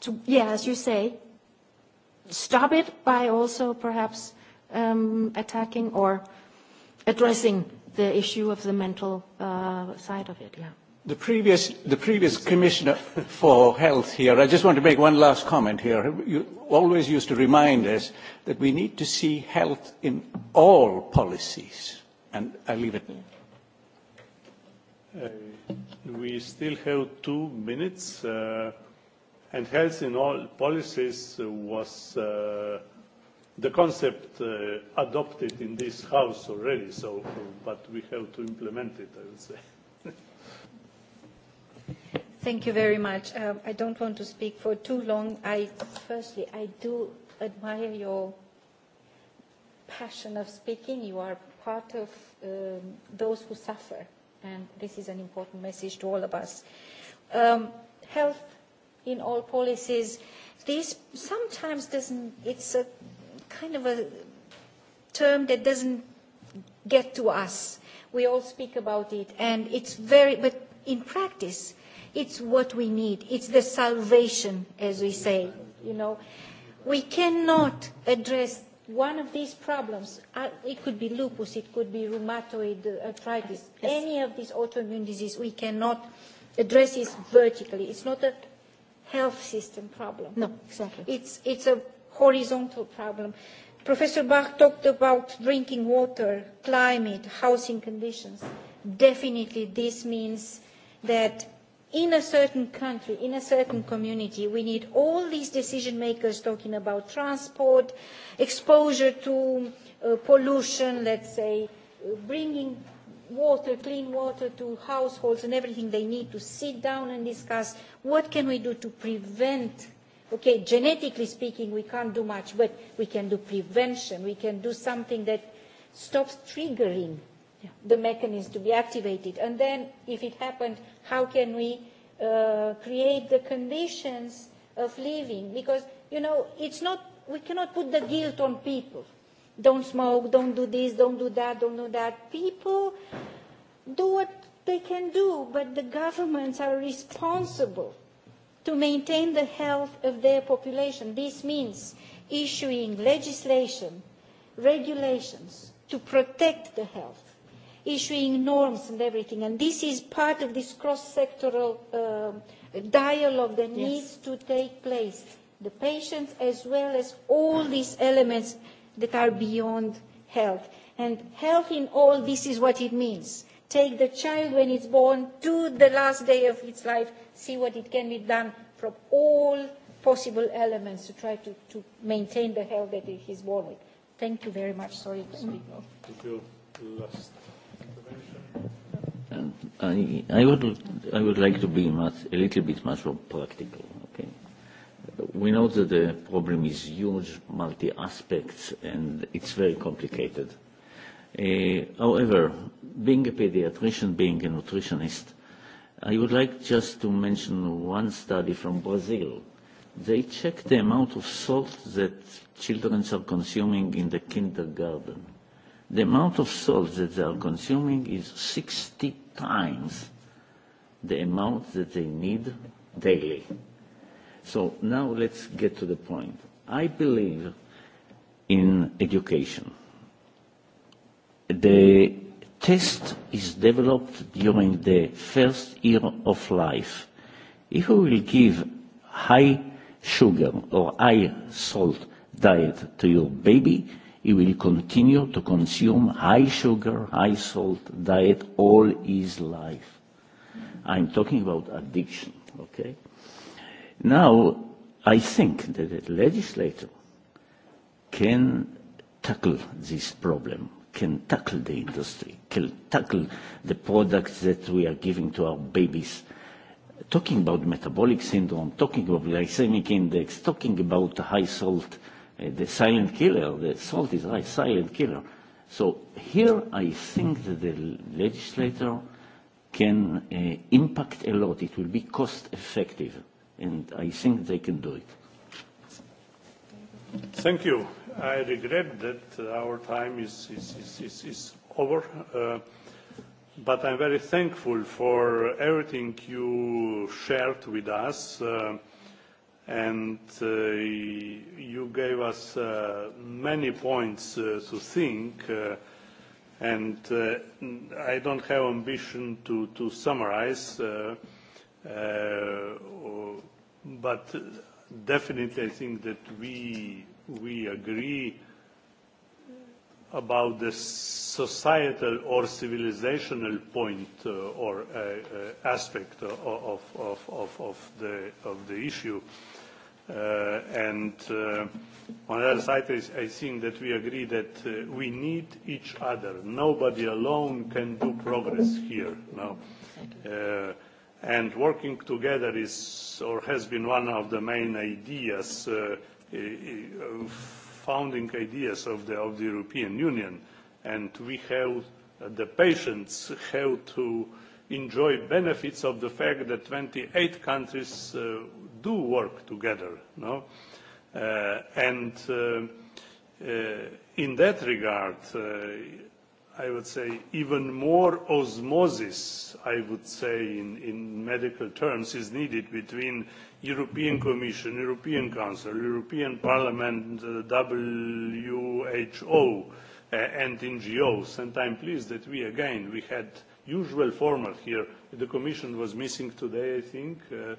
to, yeah, as you say, stop it by also perhaps um, attacking or addressing the issue of the mental uh, side of it. Yeah. The previous, the previous commissioner [laughs] for health here, I just want to make one last comment here. You always used to remind us that we need to see health in all policies. And I leave it. Uh, we still have two minutes. Uh, And health in all policies uh, was uh, the concept uh, adopted in this house already, so, but we have to implement it, I would say. [laughs] Thank you very much. Um, I don't want to speak for too long. I, firstly, I do admire your passion of speaking. You are part of um, those who suffer, and this is an important message to all of us. Um, health in all policies. This sometimes doesn't, it's a kind of a term that doesn't get to us. We all speak about it and it's very, but in practice, it's what we need. It's the salvation, as we say, you know. We cannot address one of these problems, uh, it could be lupus, it could be rheumatoid arthritis, yes. any of these autoimmune diseases. we cannot address this vertically. It's not a health system problem. No, exactly. It's, it's a horizontal problem. Professor Bach talked about drinking water, climate, housing conditions. Definitely this means that in a certain country, in a certain community, we need all these decision makers talking about transport, exposure to uh, pollution, let's say, uh, bringing water, clean water to households and everything, they need to sit down and discuss what can we do to prevent Okay, genetically speaking, we can't do much, but we can do prevention. We can do something that stops triggering the mechanism to be activated. And then, if it happened, how can we uh, create the conditions of living? Because, you know, it's not, we cannot put the guilt on people don't smoke, don't do this, don't do that, don't do that. People do what they can do, but the governments are responsible to maintain the health of their population. This means issuing legislation, regulations to protect the health, issuing norms and everything. And this is part of this cross-sectoral uh, dialogue that yes. needs to take place. The patients as well as all these elements that are beyond health. And health in all this is what it means. Take the child when it's born to the last day of its life, see what it can be done from all possible elements to try to, to maintain the health that he's born with. Thank you very much. Sorry to speak now. Thank you. Last intervention. Um, I, I, would, I would like to be much, a little bit much more practical we know that the problem is huge, multi-aspects, and it's very complicated. Uh, however, being a pediatrician, being a nutritionist, I would like just to mention one study from Brazil. They checked the amount of salt that children are consuming in the kindergarten. The amount of salt that they are consuming is 60 times the amount that they need daily So now let's get to the point. I believe in education. The test is developed during the first year of life. If we will give high sugar or high salt diet to your baby, he will continue to consume high sugar, high salt diet all his life. I'm talking about addiction, okay? Now, I think that the legislator can tackle this problem, can tackle the industry, can tackle the products that we are giving to our babies. Talking about metabolic syndrome, talking about glycemic index, talking about high salt, uh, the silent killer, the salt is a silent killer. So here I think that the legislator can uh, impact a lot. It will be cost effective and I think they can do it. Thank you. I regret that our time is, is, is, is, is over, uh, but I'm very thankful for everything you shared with us, uh, and uh, you gave us uh, many points uh, to think. Uh, and uh, I don't have ambition to, to summarize. Uh, Uh, but definitely I think that we, we agree about the societal or civilizational point uh, or uh, uh, aspect of, of, of, of, the, of the issue. Uh, and uh, on the other side, I, I think that we agree that uh, we need each other. Nobody alone can do progress here. No. uh, and working together is or has been one of the main ideas, uh, founding ideas of the, of the European Union. And we have, uh, the patients have to enjoy benefits of the fact that 28 countries uh, do work together. No? Uh, and uh, uh, in that regard, uh, i would say, even more osmosis, I would say, in, in medical terms, is needed between European Commission, European Council, European Parliament, WHO, uh, eh, and NGOs. And I'm pleased that we, again, we had usual format here. The Commission was missing today, I think, uh,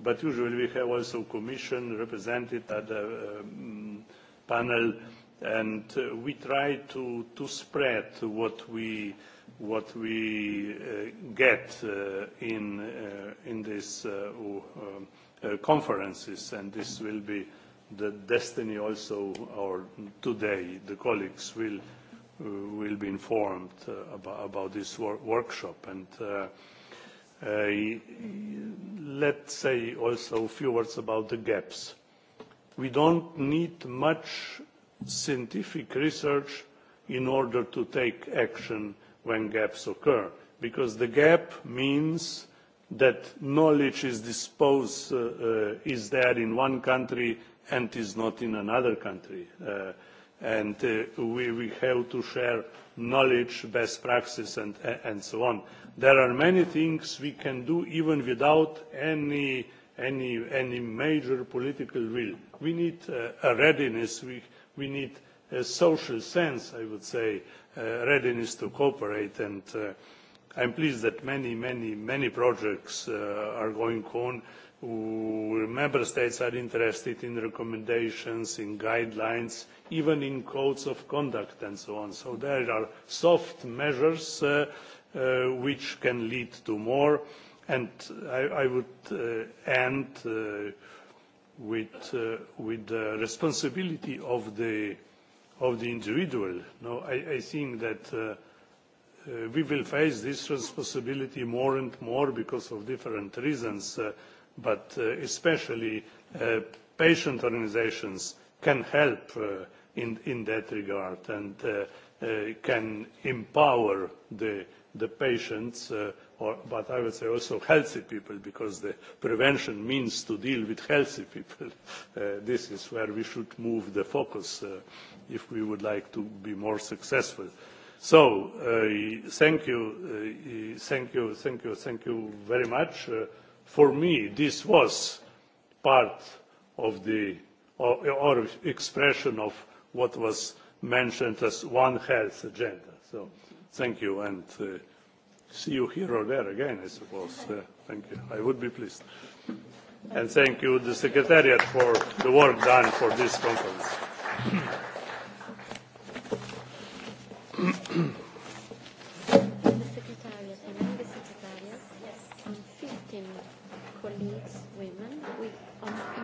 but usually we have also Commission represented at the um, panel and uh, we try to, to spread what we, what we uh, get uh, in, uh, in these uh, conferences, and this will be the destiny also, or today, the colleagues will, will be informed about, about this wor workshop. And, let's say also a few words about the gaps. We don't need much scientific research in order to take action when gaps occur. Because the gap means that knowledge is disposed, uh, uh, is there in one country and is not in another country. Uh, and uh, we, we have to share knowledge, best practice, and, and so on. There are many things we can do even without any, any, any major political will. We need uh, a readiness. We, we need a social sense, I would say, uh, readiness to cooperate. And uh, I'm pleased that many, many, many projects uh, are going on. Member states are interested in recommendations, in guidelines, even in codes of conduct and so on. So there are soft measures uh, uh, which can lead to more. And I, I would uh, end uh, with, uh, with the responsibility of the, of the individual. No, I, I think that uh, uh, we will face this responsibility more and more because of different reasons, uh, but uh, especially uh, patient organizations can help uh, in, in that regard and uh, uh, can empower the, the patients uh, or, but I would say also healthy people, because the prevention means to deal with healthy people. [laughs] Uh, this is where we should move the focus uh, if we would like to be more successful. So uh, thank you, uh, thank you, thank you, thank you very much. Uh, for me, this was part of the or, or expression of what was mentioned as One Health agenda. So thank you and. Uh, see you here or there again, I suppose. Uh, thank you. I would be pleased. And thank you, the Secretariat, for the work done for this conference.